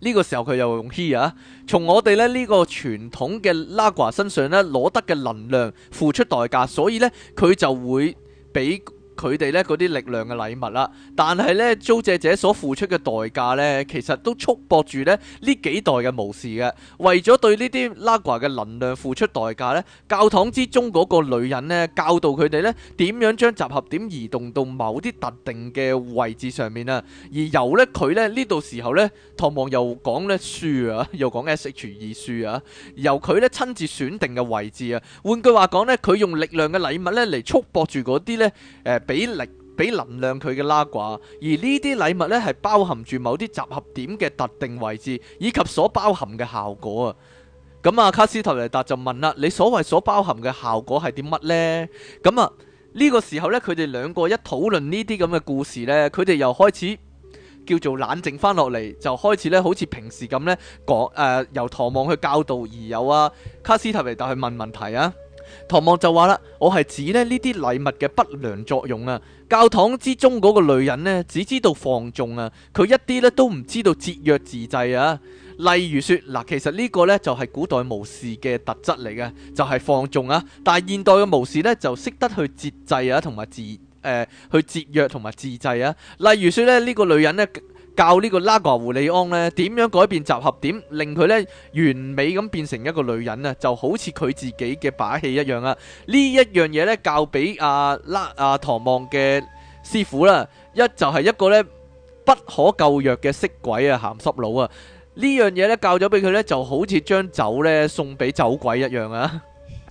B: 呢個時候佢又用 hear 啊，從我哋咧呢個傳統嘅拉瓜身上咧攞得嘅能量，付出代價，所以咧佢就會俾。佢哋呢嗰啲力量嘅禮物啦，但係呢租借者所付出嘅代價呢，其實都束縛住咧呢幾代嘅巫師嘅，為咗對呢啲拉瓜嘅能量付出代價呢，教堂之中嗰個女人呢，教導佢哋呢，點樣將集合點移動到某啲特定嘅位置上面啊！而由呢佢呢，呢度時候呢，唐望又講呢書啊，又講《阿瑟全二書》啊，由佢呢親自選定嘅位置啊。換句話講呢，佢用力量嘅禮物呢嚟束縛住嗰啲呢。誒、呃。俾力俾能量佢嘅拉挂，而呢啲禮物呢係包含住某啲集合點嘅特定位置，以及所包含嘅效果啊！咁啊，卡斯特利達就問啦、啊，你所謂所包含嘅效果係啲乜呢？」咁啊，呢、這個時候呢，佢哋兩個一討論呢啲咁嘅故事呢，佢哋又開始叫做冷靜翻落嚟，就開始呢，好似平時咁呢，講誒、呃，由唐望去教導而有啊，卡斯特利達去問問題啊！唐望就話啦，我係指咧，呢啲禮物嘅不良作用啊。教堂之中嗰個女人呢，只知道放縱啊，佢一啲呢都唔知道節約自制啊。例如說，嗱，其實呢個呢就係古代巫士嘅特質嚟嘅，就係、是、放縱啊。但係現代嘅巫士呢，就識得去節制啊，同埋自誒，去節約同埋自制啊。例如說咧，呢個女人呢。教呢個拉格·胡利安咧點樣改變集合點，令佢咧完美咁變成一個女人啊，就好似佢自己嘅把戲一樣啊！呢一樣嘢咧教俾阿拉阿唐望嘅師傅啦，一就係一個咧不可救藥嘅色鬼啊，鹹濕佬啊！呢樣嘢咧教咗俾佢咧，就好似將酒咧送俾酒鬼一樣啊！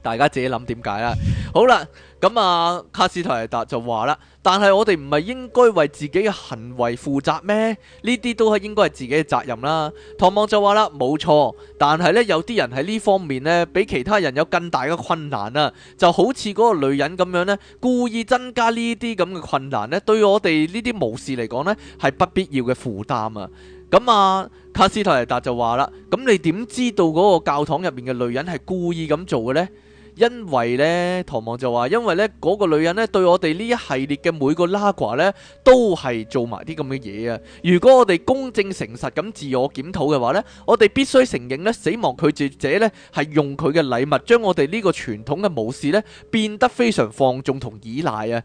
B: 大家自己諗點解啦。好啦，咁啊，卡斯塔尼達就話啦，但係我哋唔係應該為自己嘅行為負責咩？呢啲都係應該係自己嘅責任啦。唐望就話啦，冇錯，但係呢，有啲人喺呢方面呢，比其他人有更大嘅困難啊。就好似嗰個女人咁樣呢，故意增加呢啲咁嘅困難呢，對我哋呢啲武士嚟講呢，係不必要嘅負擔啊。咁啊，卡斯塔尼達就話啦，咁你點知道嗰個教堂入邊嘅女人係故意咁做嘅呢？」因為呢，唐望就話：因為呢，嗰個女人呢，對我哋呢一系列嘅每個拉呱呢，都係做埋啲咁嘅嘢啊！如果我哋公正誠實咁自我檢討嘅話呢，我哋必須承認呢，死亡拒絕者呢，係用佢嘅禮物將我哋呢個傳統嘅模式呢，變得非常放縱同依賴啊！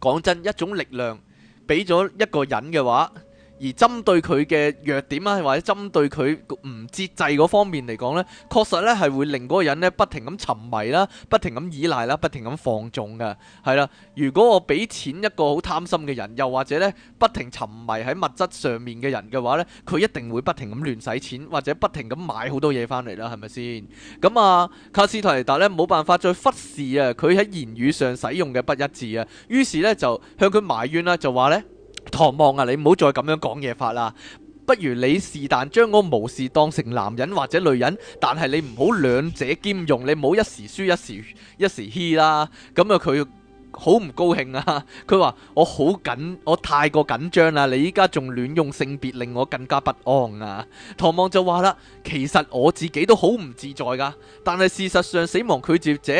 B: 講真，一種力量俾咗一個人嘅話。而針對佢嘅弱點啊，或者針對佢唔節制嗰方面嚟講咧，確實咧係會令嗰個人咧不停咁沉迷啦，不停咁依賴啦，不停咁放縱嘅，係啦。如果我俾錢一個好貪心嘅人，又或者咧不停沉迷喺物質上面嘅人嘅話咧，佢一定會不停咁亂使錢，或者不停咁買好多嘢翻嚟啦，係咪先？咁啊，卡斯提達呢冇辦法再忽視啊，佢喺言語上使用嘅不一致啊，於是呢就向佢埋怨啦，就話呢。唐望啊，你唔好再咁樣講嘢法啦。不如你是但將我個無事當成男人或者女人，但係你唔好兩者兼用，你唔好一時輸一時一時嘻啦。咁啊，佢好唔高興啊。佢話我好緊，我太過緊張啦。你依家仲亂用性別，令我更加不安啊。唐望就話啦，其實我自己都好唔自在噶，但係事實上，死亡拒絕者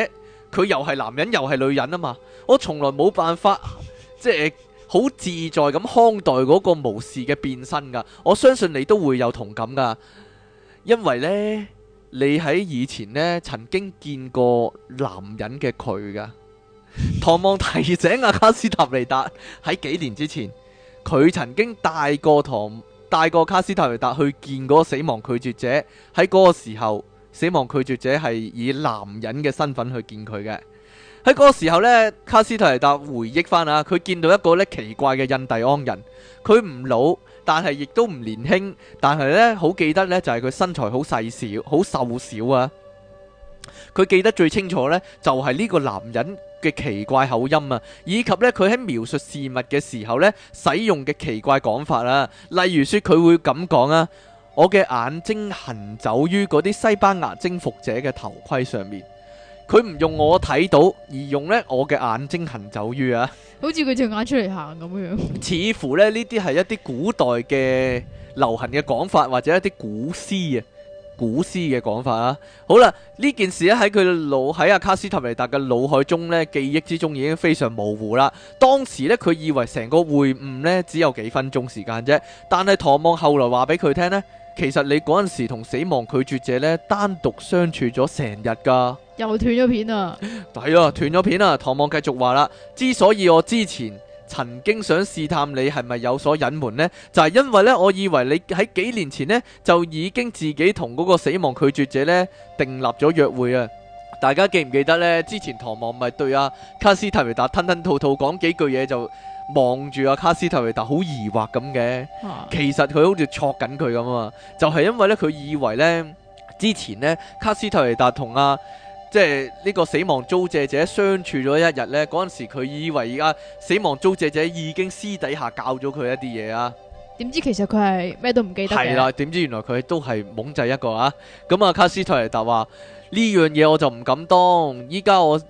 B: 佢又係男人又係女人啊嘛。我從來冇辦法即係。就是好自在咁看待嗰個巫師嘅變身噶，我相信你都會有同感噶，因為呢，你喺以前呢曾經見過男人嘅佢噶。 (laughs) 唐望提醒阿、啊、卡斯塔尼達喺幾年之前，佢曾經帶過唐帶過卡斯塔尼達去見嗰個死亡拒絕者，喺嗰個時候死亡拒絕者係以男人嘅身份去見佢嘅。喺嗰個時候呢，卡斯特尼達回憶翻啊，佢見到一個呢奇怪嘅印第安人，佢唔老，但係亦都唔年輕，但係呢，好記得呢就係、是、佢身材好細小，好瘦小啊。佢記得最清楚呢，就係、是、呢個男人嘅奇怪口音啊，以及呢佢喺描述事物嘅時候呢使用嘅奇怪講法啦、啊。例如說佢會咁講啊，我嘅眼睛行走於嗰啲西班牙征服者嘅頭盔上面。佢唔用我睇到，而用呢我嘅眼睛行走於啊，
A: 好似佢隻眼出嚟行咁樣 (laughs) 。
B: 似乎咧呢啲係一啲古代嘅流行嘅講法，或者一啲古詩啊，古詩嘅講法啊。好啦，呢件事咧喺佢腦喺阿卡斯塔尼達嘅腦海中呢記憶之中已經非常模糊啦。當時呢，佢以為成個會晤呢只有幾分鐘時間啫，但係唐望後來話俾佢聽呢，其實你嗰陣時同死亡拒絕者呢單獨相處咗成日噶。
A: 又斷咗片啊！
B: 係啊， (laughs) 斷咗片啊！唐望繼續話啦，之所以我之前曾經想試探你係咪有所隱瞞呢，就係、是、因為呢，我以為你喺幾年前呢就已經自己同嗰個死亡拒絕者呢訂立咗約會啊！大家記唔記得呢？之前唐望咪對阿、啊、卡斯特維達吞，吞吞吐吐講幾句嘢，就望住阿卡斯特維達好疑惑咁嘅。啊、其實佢好似戳緊佢咁啊，就係、是、因為呢，佢以為呢，之前呢，卡斯特維達同阿即係呢個死亡租借者相處咗一日呢，嗰陣時佢以為而家死亡租借者已經私底下教咗佢一啲嘢啊，
A: 點知其實佢係咩都唔記得嘅。係 (noise) 啦樂，
B: 點知原來佢都係懵仔一個啊！咁啊，卡斯泰達話呢樣嘢我就唔敢當，依家我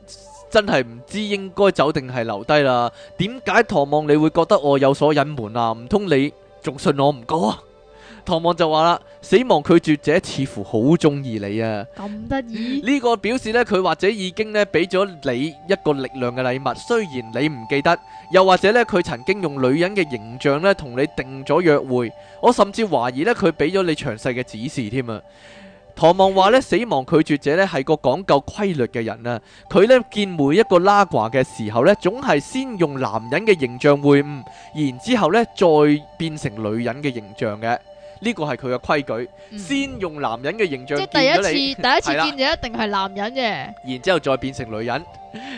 B: 真係唔知應該走定係留低啦。點解唐望你會覺得我有所隱瞞啊？唔通你仲信我唔夠啊？ (laughs) 唐望就話啦，死亡拒絕者似乎好中意你啊，咁得意呢個表示呢，佢或者已經咧俾咗你一個力量嘅禮物，雖然你唔記得，又或者呢，佢曾經用女人嘅形象呢同你定咗約會。我甚至懷疑呢，佢俾咗你詳細嘅指示添啊。唐望話呢，死亡拒絕者呢係個講究規律嘅人啊，佢呢見每一個拉掛嘅時候呢，總係先用男人嘅形象會晤，然之後咧再變成女人嘅形象嘅。呢個係佢嘅規矩，先用男人嘅形象。即係第一次，第一次見
A: 就一定係男人嘅。
B: 然之後再變成女人，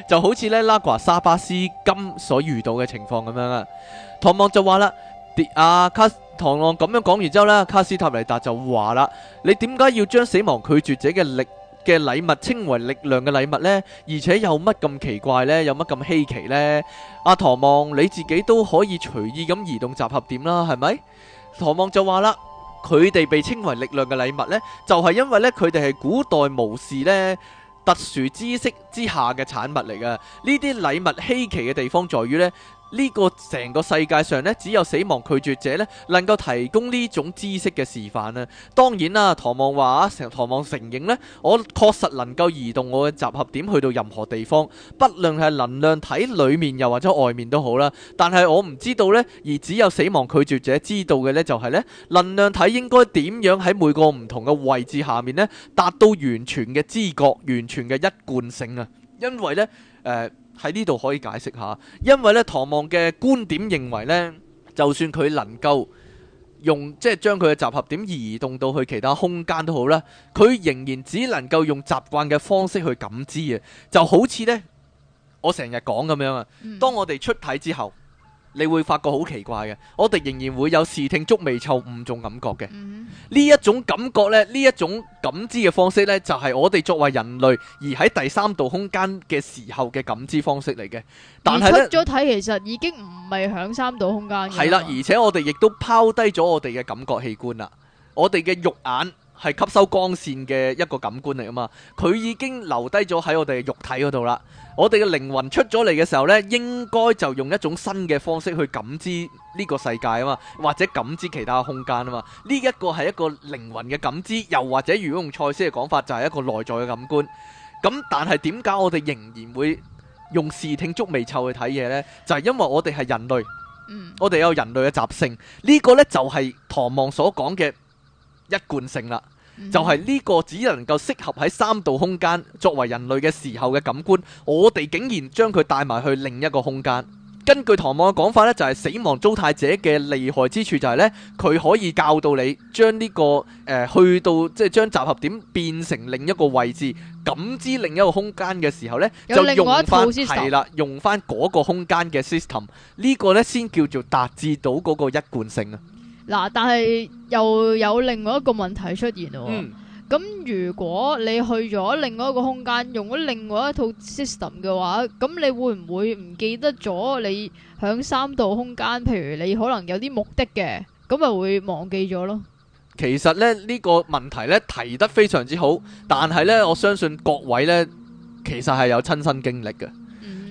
B: 就好似咧拉瓜沙巴斯金所遇到嘅情況咁樣啦。唐望就話啦，迪阿卡唐望咁樣講完之後咧，卡斯塔尼達就話啦：你點解要將死亡拒絕者嘅力嘅禮物稱為力量嘅禮物咧？而且有乜咁奇怪咧？有乜咁稀奇咧？阿唐望你自己都可以隨意咁移動集合點啦，係咪？唐望就話啦。佢哋被稱為力量嘅禮物呢，就係因為咧，佢哋係古代巫士咧，特殊知識之下嘅產物嚟㗎。呢啲禮物稀奇嘅地方在於呢。呢個成個世界上呢，只有死亡拒絕者呢，能夠提供呢種知識嘅示範啦，啊。當然啦，唐望話啊，成唐望承認呢，我確實能夠移動我嘅集合點去到任何地方，不論係能量體裏面又或者外面都好啦。但係我唔知道呢，而只有死亡拒絕者知道嘅呢，呢，就係呢能量體應該點樣喺每個唔同嘅位置下面呢，達到完全嘅知覺、完全嘅一貫性啊。因為呢，誒、呃。喺呢度可以解釋下，因為咧，唐望嘅觀點認為呢，就算佢能夠用即係將佢嘅集合點移動到去其他空間都好啦，佢仍然只能夠用習慣嘅方式去感知啊，就好似呢，我成日講咁樣啊，當我哋出體之後。你會發覺好奇怪嘅，我哋仍然會有視聽觸味嗅五種感覺嘅。呢、嗯、哼一種感覺呢，呢一種感知嘅方式呢，就係、是、我哋作為人類而喺第三度空間嘅時候嘅感知方式嚟嘅。但係出咗
A: 體，其實已經唔係響三度空間。係啦，而
B: 且我哋亦都拋低咗我哋嘅感覺器官啦，我哋嘅肉眼。係吸收光線嘅一個感官嚟，啊嘛，佢已經留低咗喺我哋嘅肉體嗰度啦。我哋嘅靈魂出咗嚟嘅時候呢，應該就用一種新嘅方式去感知呢個世界啊嘛，或者感知其他空間啊嘛。呢一個係一個靈魂嘅感知，又或者如果用賽斯嘅講法，就係一個內在嘅感官。咁但係點解我哋仍然會用視聽觸味嗅去睇嘢？呢？就係因為我哋係人類，嗯，我哋有人類嘅習性。呢個呢就係唐望所講嘅。一貫性啦，就係、是、呢個只能夠適合喺三度空間作為人類嘅時候嘅感官，我哋竟然將佢帶埋去另一個空間。根據唐望嘅講法呢就係、是、死亡糟態者嘅厲害之處就係、是、呢：佢可以教到你將呢、這個誒、呃、去到即係、就是、將集合點變成另一個位置，感知另一個空間嘅時候呢就用翻係啦，用翻嗰個空間嘅 system，呢個呢，先叫做達致到嗰個一貫性啊。
A: 嗱，但係又有另外一個問題出現咯。咁如果你去咗另外一個空間，用咗另外一套 system 嘅話，咁你會唔會唔記得咗你喺三度空間？譬如你可能有啲目的嘅，咁咪會忘記咗咯。
B: 其實咧，呢個問題咧提得非常之好，但係咧，我相信各位咧其實係有親身經歷嘅。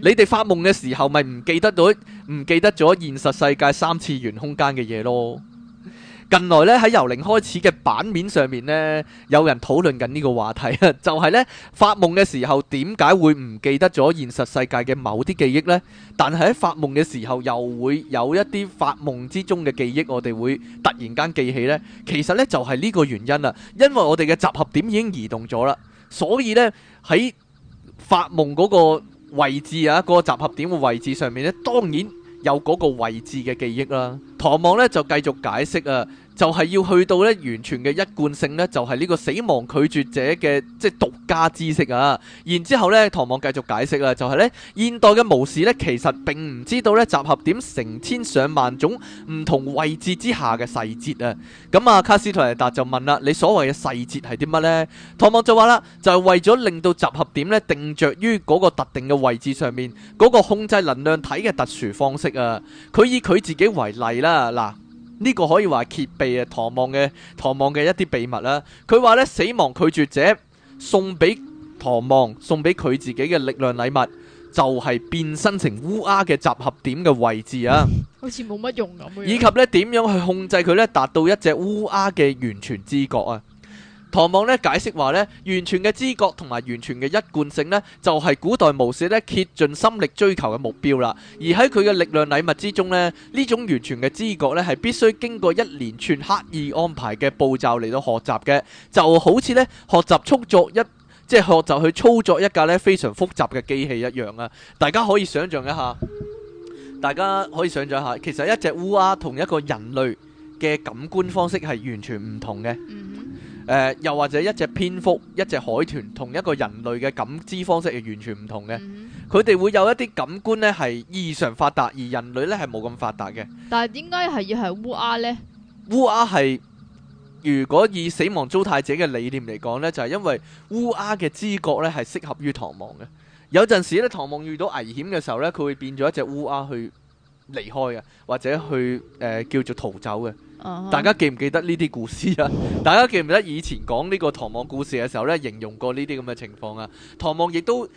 B: 你哋發夢嘅時候，咪唔記得咗唔記得咗現實世界三次元空間嘅嘢咯？近來咧喺由零開始嘅版面上面呢，有人討論緊呢個話題啊，就係呢，發夢嘅時候點解會唔記得咗現實世界嘅某啲記憶呢？但係喺發夢嘅時候又會有一啲發夢之中嘅記憶，我哋會突然間記起呢。其實呢就係呢個原因啦，因為我哋嘅集合點已經移動咗啦，所以呢喺發夢嗰個位置啊，個集合點嘅位置上面呢，當然。有嗰個位置嘅記憶啦，唐望咧，就繼續解釋啊。就係要去到咧完全嘅一貫性，呢就係呢個死亡拒絕者嘅即係獨家知識啊！然之後咧，唐望繼續解釋啊，就係、是、呢現代嘅模式呢，其實並唔知道呢集合點成千上萬種唔同位置之下嘅細節啊！咁、嗯、啊，卡斯托尼達就問啦：「你所謂嘅細節係啲乜呢？」唐望就話啦，就係、是、為咗令到集合點呢定着於嗰個特定嘅位置上面，嗰、那個控制能量體嘅特殊方式啊！佢以佢自己為例啦，嗱。呢個可以話揭秘啊，唐望嘅唐望嘅一啲秘密啦。佢話咧，死亡拒絕者送俾唐望，送俾佢自己嘅力量禮物，就係變身成烏鴉嘅集合點嘅位置啊。
A: 好似冇乜用咁。以及咧
B: 點樣去控制佢咧，達到一隻烏鴉嘅完全知覺啊？唐望咧解釋話咧，完全嘅知覺同埋完全嘅一貫性咧，就係古代巫師咧竭盡心力追求嘅目標啦。而喺佢嘅力量禮物之中咧，呢種完全嘅知覺咧，係必須經過一連串刻意安排嘅步驟嚟到學習嘅，就好似咧學習操作一即係、就是、學習去操作一架咧非常複雜嘅機器一樣啊！大家可以想象一下，大家可以想象一下，其實一隻烏鴉同一個人類嘅感官方式係完全唔同嘅。呃、又或者一隻蝙蝠，一隻海豚，同一個人類嘅感知方式係完全唔同嘅。佢哋、嗯、會有一啲感官呢係異常發達，而人類呢係冇咁發達嘅。
A: 但係點解係要係烏鴉呢？
B: 烏鴉係如果以死亡糟太者嘅理念嚟講呢，就係、是、因為烏鴉嘅知覺呢係適合於唐望嘅。有陣時呢，唐望遇到危險嘅時候呢，佢會變咗一隻烏鴉去。離開嘅，或者去誒、呃、叫做逃走嘅。Uh huh. 大家記唔記得呢啲故事啊？ (laughs) 大家記唔記得以前講呢個唐望故事嘅時候呢，形容過呢啲咁嘅情況啊？唐望亦都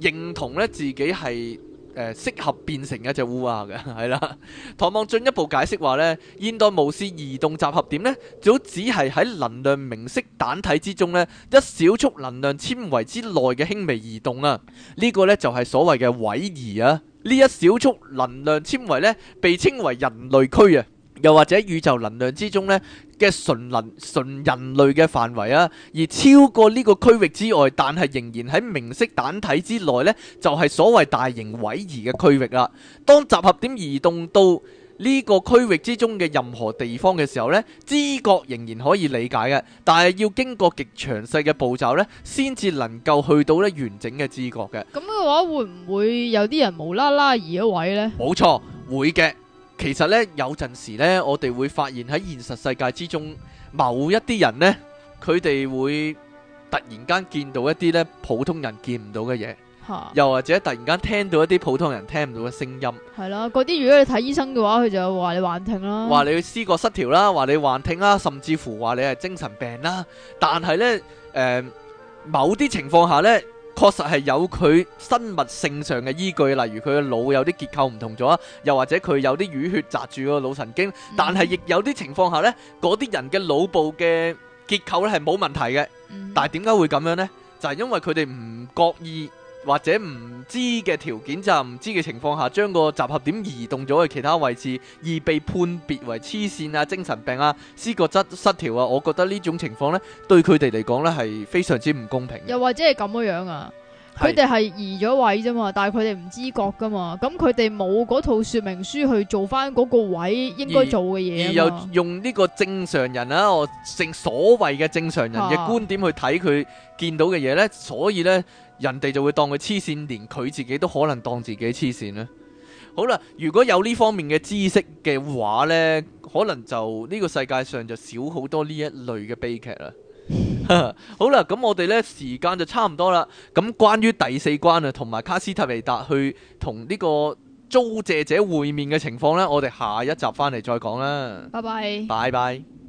B: 認同呢，自己係誒適合變成一隻烏鴉嘅，係啦。唐望進一步解釋話呢現代巫士移動集合點咧，早只係喺能量明色蛋體之中呢，一小束能量纖維之內嘅輕微移動啦、啊。呢、這個呢，就係、是、所謂嘅位移啊。呢一小束能量纖維咧，被稱為人類區啊，又或者宇宙能量之中咧嘅純能純人類嘅範圍啊，而超過呢個區域之外，但係仍然喺明式蛋體之內咧，就係所謂大型位移嘅區域啦。當集合點移動到呢個區域之中嘅任何地方嘅時候，呢知覺仍然可以理解嘅，但係要經過極詳細嘅步驟呢先至能夠去到呢完整嘅知覺嘅。
A: 咁嘅話，會唔會有啲人無啦啦移咗位呢？冇
B: 錯，會嘅。其實呢，有陣時呢，我哋會發現喺現實世界之中，某一啲人呢，佢哋會突然間見到一啲呢普通人見唔到嘅嘢。又或者突然間聽到一啲普通人聽唔到嘅聲音，
A: 係啦，嗰啲如果你睇醫生嘅話，佢就話你幻聽啦，話
B: 你思覺失調啦，話你幻聽啦，甚至乎話你係精神病啦。但係呢，誒，某啲情況下呢，確實係有佢生物性上嘅依據，例如佢嘅腦有啲結構唔同咗，又或者佢有啲淤血紮住個腦神經。但係亦有啲情況下呢，嗰啲人嘅腦部嘅結構咧係冇問題嘅。但係點解會咁樣呢？就係因為佢哋唔覺意。或者唔知嘅條件就唔知嘅情況下，將個集合點移動咗去其他位置，而被判別為痴線啊、精神病啊、思覺失調啊，我覺得呢種情況呢，對佢哋嚟講呢，係非常之唔公平。
A: 又或者係咁嘅樣啊，佢哋係移咗位啫是嘛，但係佢哋唔知覺噶嘛，咁佢哋冇嗰套説明書去做翻嗰個位應該做嘅嘢。而又
B: 用呢個正常人啦、啊，我正所謂嘅正常人嘅觀點去睇佢見到嘅嘢呢。所以呢。人哋就會當佢黐線，連佢自己都可能當自己黐線咧。好啦，如果有呢方面嘅知識嘅話呢，可能就呢個世界上就少好多呢一類嘅悲劇啦。 (laughs) 好啦，咁我哋呢時間就差唔多啦。咁關於第四關啊，同埋卡斯特利達去同呢個租借者會面嘅情況呢，我哋下一集翻嚟再講啦。拜拜。拜拜。